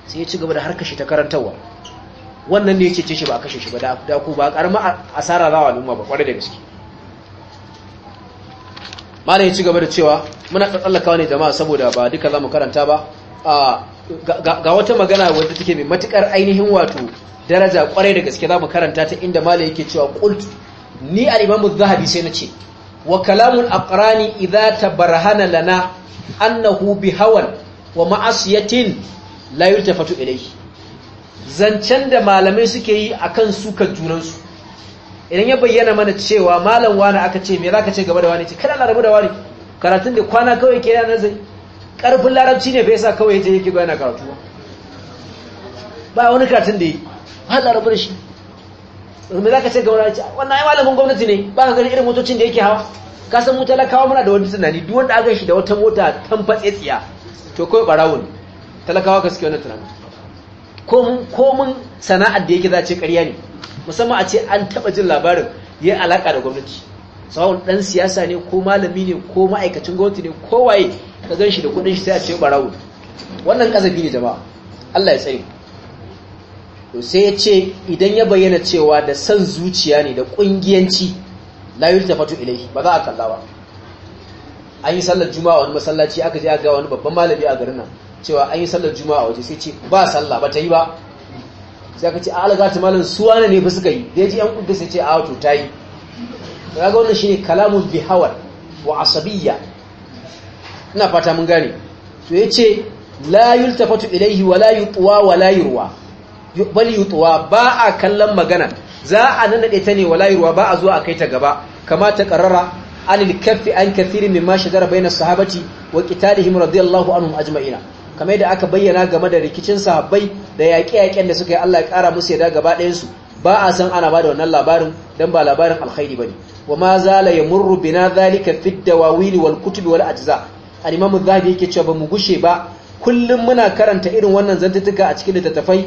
sai ya ci gaba da har kashe ta karantarwa wannan ne ya cece shi ba a kashe shi ba da ku ba a karama asara za a al'umma ba kwarai da gaske malam ya ci gaba da cewa muna tsallakawa ne jama'a saboda ba duka za mu karanta ba ga wata magana wadda take mai matukar ainihin wato daraja kwarai da gaske za mu karanta ta inda malam yake cewa qult ni al-imam zahabi sai na ce wa kalamun aqrani idza barhana lana annahu hawan wa ma'asiyatin la yurtafatu ilayhi zancen da malamai suke yi akan sukan junansu idan ya bayyana mana cewa malam wani aka ce me zaka ce gaba da wani ce kada larabu da wani karatun da kwana kawai ke yana zai karfin larabci ne fa yasa kawai yaje yake yana karatu ba wani karatun da yi ba larabu da shi me zaka ce gaba da wani wannan ai malamin gwamnati ne ba ka gani irin motocin da yake hawa ka san mu kawo muna da wani tunani duk wanda aka shi da wata mota tan fatsetsiya to kawai barawun talakawa ka suke wannan tunanin komin sana'ar da yake zace karya ƙarya ne musamman a ce an taɓa jin labarin ya alaƙa da gwamnati tsawon ɗan siyasa ne ko malami ne ko ma'aikacin gwamnati ne ko waye ka zan shi da kudin shi sai a ce wannan ƙazafi ne jama'a Allah ya tsare to sai ya ce idan ya bayyana cewa da san zuciya ne da ƙungiyanci layu ta yultafatu ilai ba za a kalla ba an yi sallar juma'a wani masallaci aka je aka ga wani babban malami a garin nan cewa an yi sallar juma'a waje sai ce ba sallah ba ta yi ba sai ka ce a algata malam suwa ne ne ba suka yi da ya ji yan kudu sai ce a wato ta yi Raga wannan shine kalamun bihawar wa asabiyya ina fata mun gane to yace la yultafatu ilaihi wa la yutwa wa la yurwa bal ba a kallon magana za a nanade ta ne wa la yurwa ba a zuwa a kai ta gaba kama ta karara an kaffi an kathirin mimma shajara bayna sahabati wa qitalihim radiyallahu anhum ajma'ina kamar da aka bayyana game da rikicin sahabbai da yaƙe-yaƙen da suka yi Allah ya ƙara musu yada gaba ɗayansu ba a san ana ba da wannan labarin don ba labarin alkhairi ba ne wa ma la ya murru bina zalika fid dawawili wal kutubi wal ajza al imam zahabi yake cewa ba mu gushe ba kullum muna karanta irin wannan zantutuka a cikin littattafai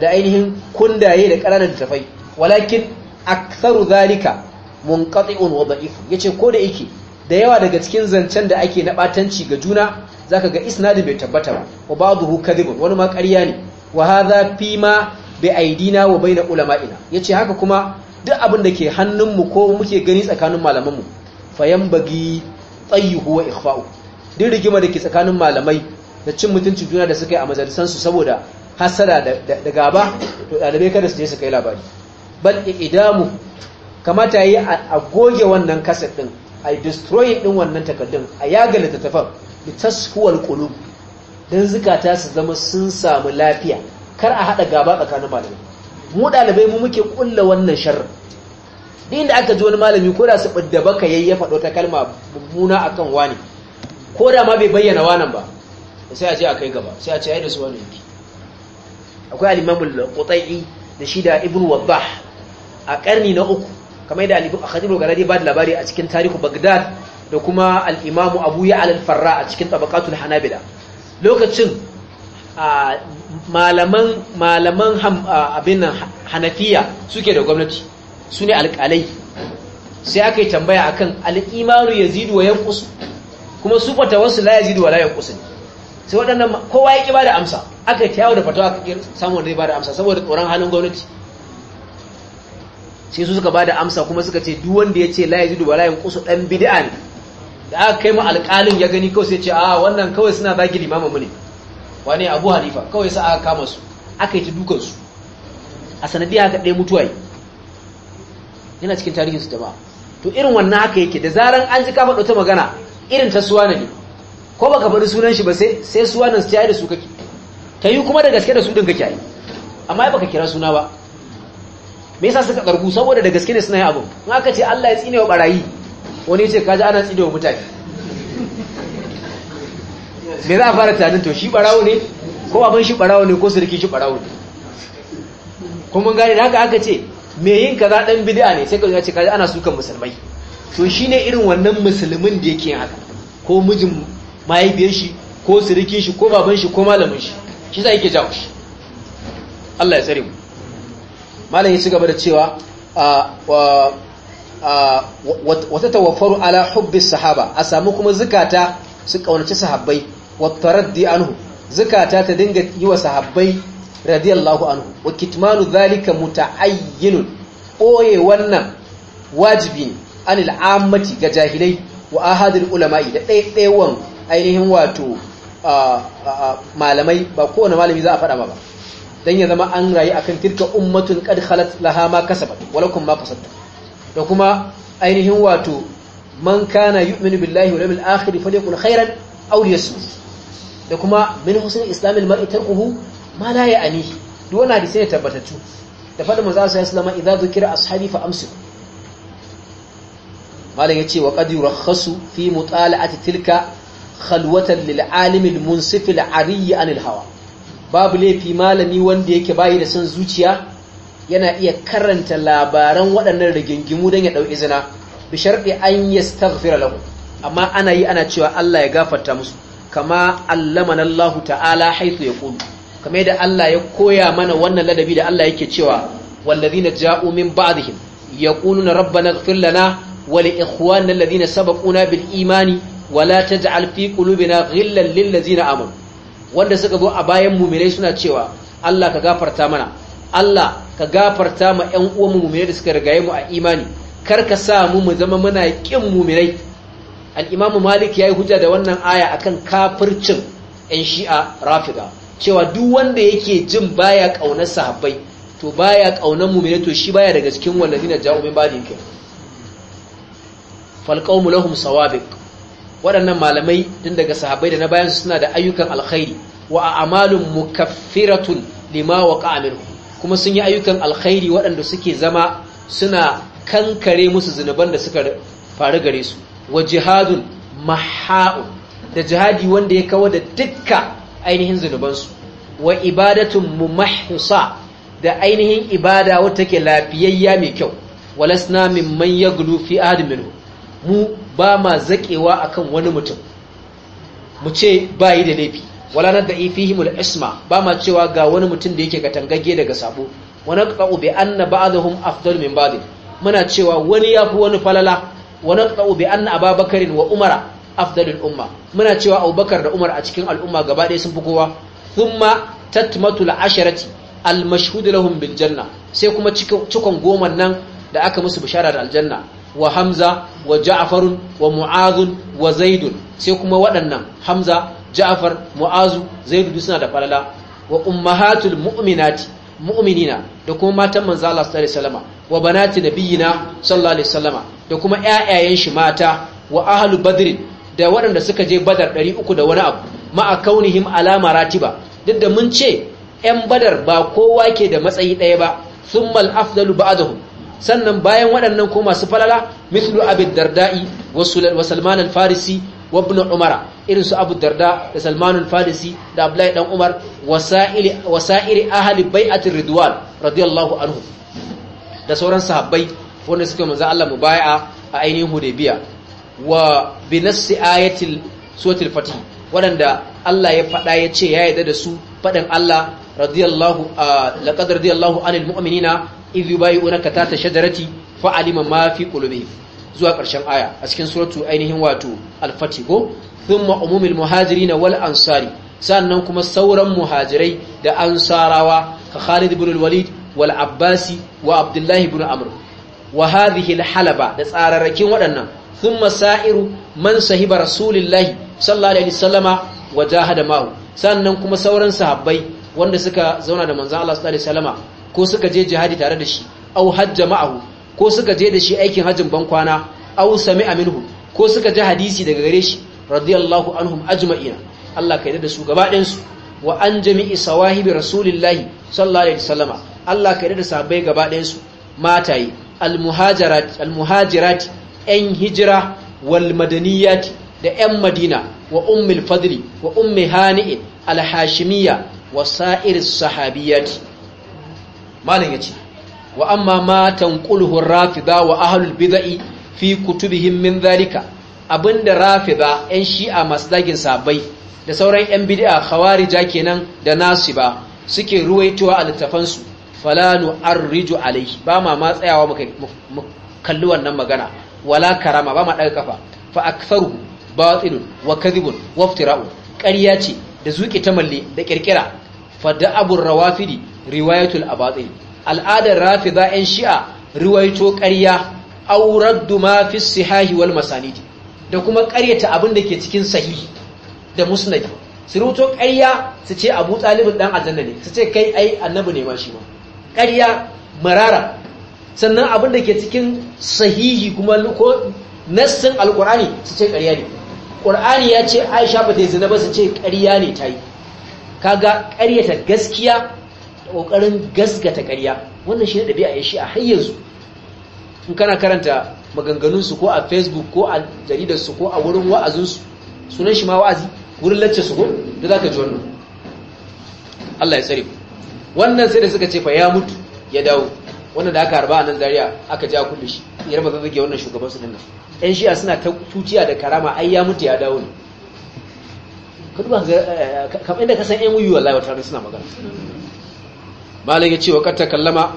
da ainihin kundaye da ƙananan littattafai walakin aksaru zalika munqati'un wa da'if yace ko da yake da yawa daga cikin zancen da ake na batanci ga juna zaka ga isnadin bai tabbata ba wa ba'dhu wani ma ƙarya ne wa hadha fi ma bi aidina wa baina ulama'ina yace haka kuma duk abin da ke hannun mu ko muke gani tsakanin malaman mu fayambagi tsayyuhu wa ikhfa'u duk rigima da ke tsakanin malamai da cin mutunci juna da suka yi a majalisan su saboda hasara da gaba to dalibai kada su je su kai labari bal idamu kamata yi a goge wannan kaset din a destroy din wannan takaddun a yaga littattafan litaskuwal qulub dan zukata su zama sun samu lafiya kar a haɗa gaba tsakanin malamai mu dalibai mu muke ƙulla wannan sharri din da aka ji wani malami ko da su bidda baka yayi ya faɗo ta kalma mummuna akan wani ko da ma bai bayyana wanan ba sai a ce a kai gaba sai a ce ai da su wani yake akwai al-imamul da shida da ibnu wabbah a karni na uku kamar da al khadiru garadi ba da labari a cikin tarihu bagdad da kuma al'imamu abu ya alfarra a cikin tabakatul hanabila lokacin malaman abin hanafiya suke da gwamnati su ne alƙalai sai aka yi tambaya a kan al’imaru ya zidu wa yankusu kuma su fata wasu la ya zidu wa la yankusu ne sai waɗannan kowa ya ƙi ba da amsa aka yi tayawo da fatawa aka ƙi samun da ya ba da amsa saboda tsoron halin gwamnati sai su suka ba da amsa kuma suka ce duk wanda ya ce la ya zidu wa la yankusu ɗan bid'a ne da aka kai mu alƙalin ya gani kawai sai ce a wannan kawai suna zagi limamin mu ne wane abu halifa kawai sa aka kama su aka yi ta dukan su a sanadiyar haka ɗaya mutuwa yi yana cikin tarihin su jama'a to irin wannan haka yake da zaran an ji kafa ɗauta magana irin ta na ne ko ba ka bari sunan shi ba sai sai nan su ta yi da su kake ta yi kuma da gaske da su ɗin kake yi amma baka kira suna ba me yasa suka karbu saboda da gaske ne suna yi abu in aka ce Allah ya tsinewa barayi wani ce kaji ana tsido wa mutane me za a fara tajin to shi barawo ne ko abin shi barawo ne ko sarki shi barawo ne kuma gane da haka aka ce me yin ka za ɗan bidiya ne sai ka ce kaji ana sukan musulmai to shine irin wannan musulmin da yake haka ko mijin mahaifiyar shi ko sirikin shi ko baban shi ko malamin shi shi za yake jawo shi Allah ya tsare mu malam ya ci gaba da cewa wata tawaffaru ala hubbin sahaba a samu kuma zukata su kaunaci sahabbai wa raddi anhu zukata ta dinga yi wa sahabbai radiyallahu anhu wa kitmanu dhalika muta'ayyinun oye wannan wajibi ne anil ammati ga jahilai wa ahadul ulama'i da ɗaiɗaiwan ainihin wato malamai ba kowane malami za a faɗa ba dan ya zama an rayu akan tilka ummatun qad khalat laha ma kasabat walakum ma kasabtum da kuma ainihin wato man kana yu'minu billahi wa yawmil akhir falyakun khairan aw liyasmut da kuma min husnul islamil mar'i tarkuhu ma la ya'ni duk wannan hadisi ne tabbatattu da fadin manzo sallallahu alaihi wasallam idza dhukira ashabi fa amsiku malam yace wa qad yurakhasu fi mutala'ati tilka khalwatan lil alimil munsifil ariyi anil hawa babu laifi malami wanda yake bayi da san zuciya yana iya karanta labaran waɗannan rigingimu don ya ɗauki izina bi sharɗi an yastaghfira lahu amma ana yi ana cewa Allah ya gafarta musu kama allamana Allah ta'ala ya yaqulu kamar da Allah ya koya mana wannan ladabi da Allah yake cewa wallazina ja'u min ba'dihim yaquluna rabbana ighfir lana wa li ikhwanina alladhina sabaquna bil imani wa la taj'al fi qulubina ghillan lil ladzina amanu wanda suka zo a bayan mu'minai suna cewa Allah ka gafarta mana Allah ka gafarta ma yan uwan mu mu'minai da suka rigaye mu a imani kar ka sa mu mu zama muna kin mu'minai al Malik malik yayi hujja da wannan aya akan kafircin ƴan shi'a Rafiga. cewa duk wanda yake jin baya kaunar sahabbai to baya kaunar mu'minai to shi baya daga cikin wallazina ja'u min ba'dihim fal lahum sawabiq waɗannan malamai din daga sahabbai da na bayan suna da ayyukan alkhairi wa a'malun mukaffiratun lima waqa'a minhu kuma sun yi ayyukan alkhairi waɗanda suke zama suna kankare musu zunuban da suka faru gare su wa jihadun maha'u da jihadi wanda ya kawo da dukka ainihin zunubansu wa ibadatun mumahhusa da ainihin ibada wata ke lafiyayya mai kyau walasna mimman gudu fi adamin mu ba ma zaƙewa akan wani mutum mu ce bayi da laifi wala na da'i fihim isma ba ma cewa ga wani mutum da yake katangage daga sabo wa naqta'u bi anna ba'dahum afdal min ba'd muna cewa wani yafi wani falala wa naqta'u bi anna ababakarin wa Umar afdalul umma muna cewa Abubakar da Umar a cikin al'umma gaba ɗaya sun fi kowa thumma tatmatul asharati al lahum bil janna sai kuma cikon goman nan da aka musu bishara da aljanna wa Hamza wa Ja'farun wa Mu'adun wa Zaidun sai kuma waɗannan Hamza ja'far mu'azu zaidu suna da falala wa ummahatul mu'minati mu'minina da kuma matan manzo Allah sallallahu alaihi wasallama wa banati nabiyina sallallahu alaihi da kuma ƴaƴayen shi mata wa ahlu badr da waɗanda suka je badar 300 da wani abu ma'a kaunihim ala maratiba duk da mun ce ƴan badar ba kowa ke da matsayi ɗaya ba thummal afdalu ba'dahum sannan bayan waɗannan ko masu falala mithlu abid darda'i wa salman al-farisi wa umara irin su abu darda da Salmanun farisi da abdullahi dan umar wasa'iri ahli bai'atin ridwan radiyallahu anhu da sauran sahabbai wanda suka manzo Allah baya a ainihin hudaybiya wa bi nassi ayatil suratul fatih wadanda Allah ya fada ya ce ya yarda da su fadan Allah radiyallahu laqad radiyallahu anil mu'minina idh yubayyi'unaka tahta shajarati fa'alima ma fi qulubihim zuwa ƙarshen aya a cikin suratu ainihin wato alfati ko thumma umumil muhajirina wal ansari sannan kuma sauran muhajirai da ansarawa ka Khalid ibn al-Walid wal Abbasi wa abdullahi ibn Amr wa hadhihi al-halaba da tsararrakin waɗannan thumma sa'iru man sahiba rasulillahi sallallahu alaihi wasallama wa jahada ma'u sannan kuma sauran sahabbai wanda suka zauna da manzon Allah sallallahu alaihi wasallama ko suka je jihadi tare da shi au hajja ma'ahu ko suka je da shi aikin hajjin ban kwana aw sami'a ko suka ji hadisi daga gare shi radiyallahu anhum ajma'ina Allah ka da su gaba su wa an jami'i sawahibi rasulillahi sallallahu alaihi wasallama Allah ka yarda da sahabbai gaba su mataye almuhajirat almuhajirat yan hijira wal madaniyat da yan madina wa ummul fadli wa ummi al alhashimiyya wa sa'ir sahabiyat malam yace wa amma ma tanquluhu rafida wa ahlul bid'i fi kutubihim min zalika abinda rafida yan shi'a masu dagin sabai da sauran yan bid'a khawarija kenan da ba suke ruwaitowa a falanu fala nu'arriju alaihi ba ma ma tsayawa mu kalli wannan magana wala karama ba ma daga kafa fa aktharu batilun wa kadhibun wa iftira'u ƙarya ce da zuke ta malle da kirkira fa da abur rawafidi riwayatul abatil al'adar rafida 'yan shi'a ruwaito ƙarya auraddu duma fi sihahi wal masanidi da kuma ƙaryata abin da ke cikin sahihi da musnadi su ruto ƙarya su ce abu ɗalibin ɗan aljanna ne su ce kai ai annabi ne ma shi ma ƙarya marara sannan abin da ke cikin sahihi kuma ko nassin alƙur'ani su ce ƙarya ne ƙur'ani ya ce aisha ba ta yi zina ba su ce ƙarya ne ta yi kaga ƙaryata gaskiya ƙoƙarin gasgata ƙarya wannan shi ne ɗabi'a ya shi a har in kana karanta maganganunsu ko a facebook ko a jaridarsu ko a wurin wa'azinsu sunan shi ma wa'azi wurin lacce su ko da za ka ji wannan allah ya tsare wannan sai da suka ce fa ya mutu ya dawo wannan da aka harba a nan zariya, aka ji a kulle shi ya raba zazzage wannan shugaban su dinnan yan shi'a suna ta tuciya da karama ai ya mutu ya dawo ne ka duba ka eh, san yan wuyu wallahi wata suna magana malai ya ce wa kata kallama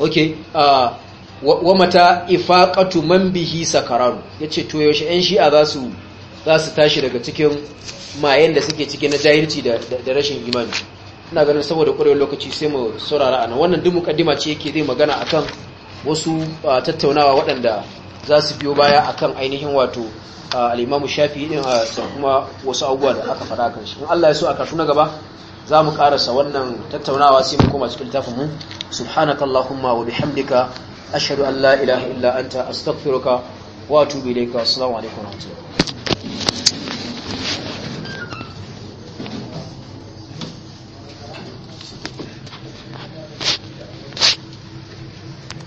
oke wa mata ifaƙatu man bihi sakararu ce to yaushe yan shi'a za su tashi daga cikin mayen da suke ciki na jahilci da rashin imani ina ganin saboda ƙwarewar lokaci sai mu saurara ana wannan duk kaddima ce yake zai magana akan wasu tattaunawa waɗanda za su biyo baya akan ainihin wato a shafi shafi din kuma wasu abubuwa da aka faɗa kan shi in Allah ya so a kasu na gaba za mu karasa wannan tattaunawa sai mu koma cikin littafin mu subhanakallahumma wa bihamdika ashhadu an la ilaha illa anta astaghfiruka wa atubu ilayka assalamu alaikum wa rahmatullahi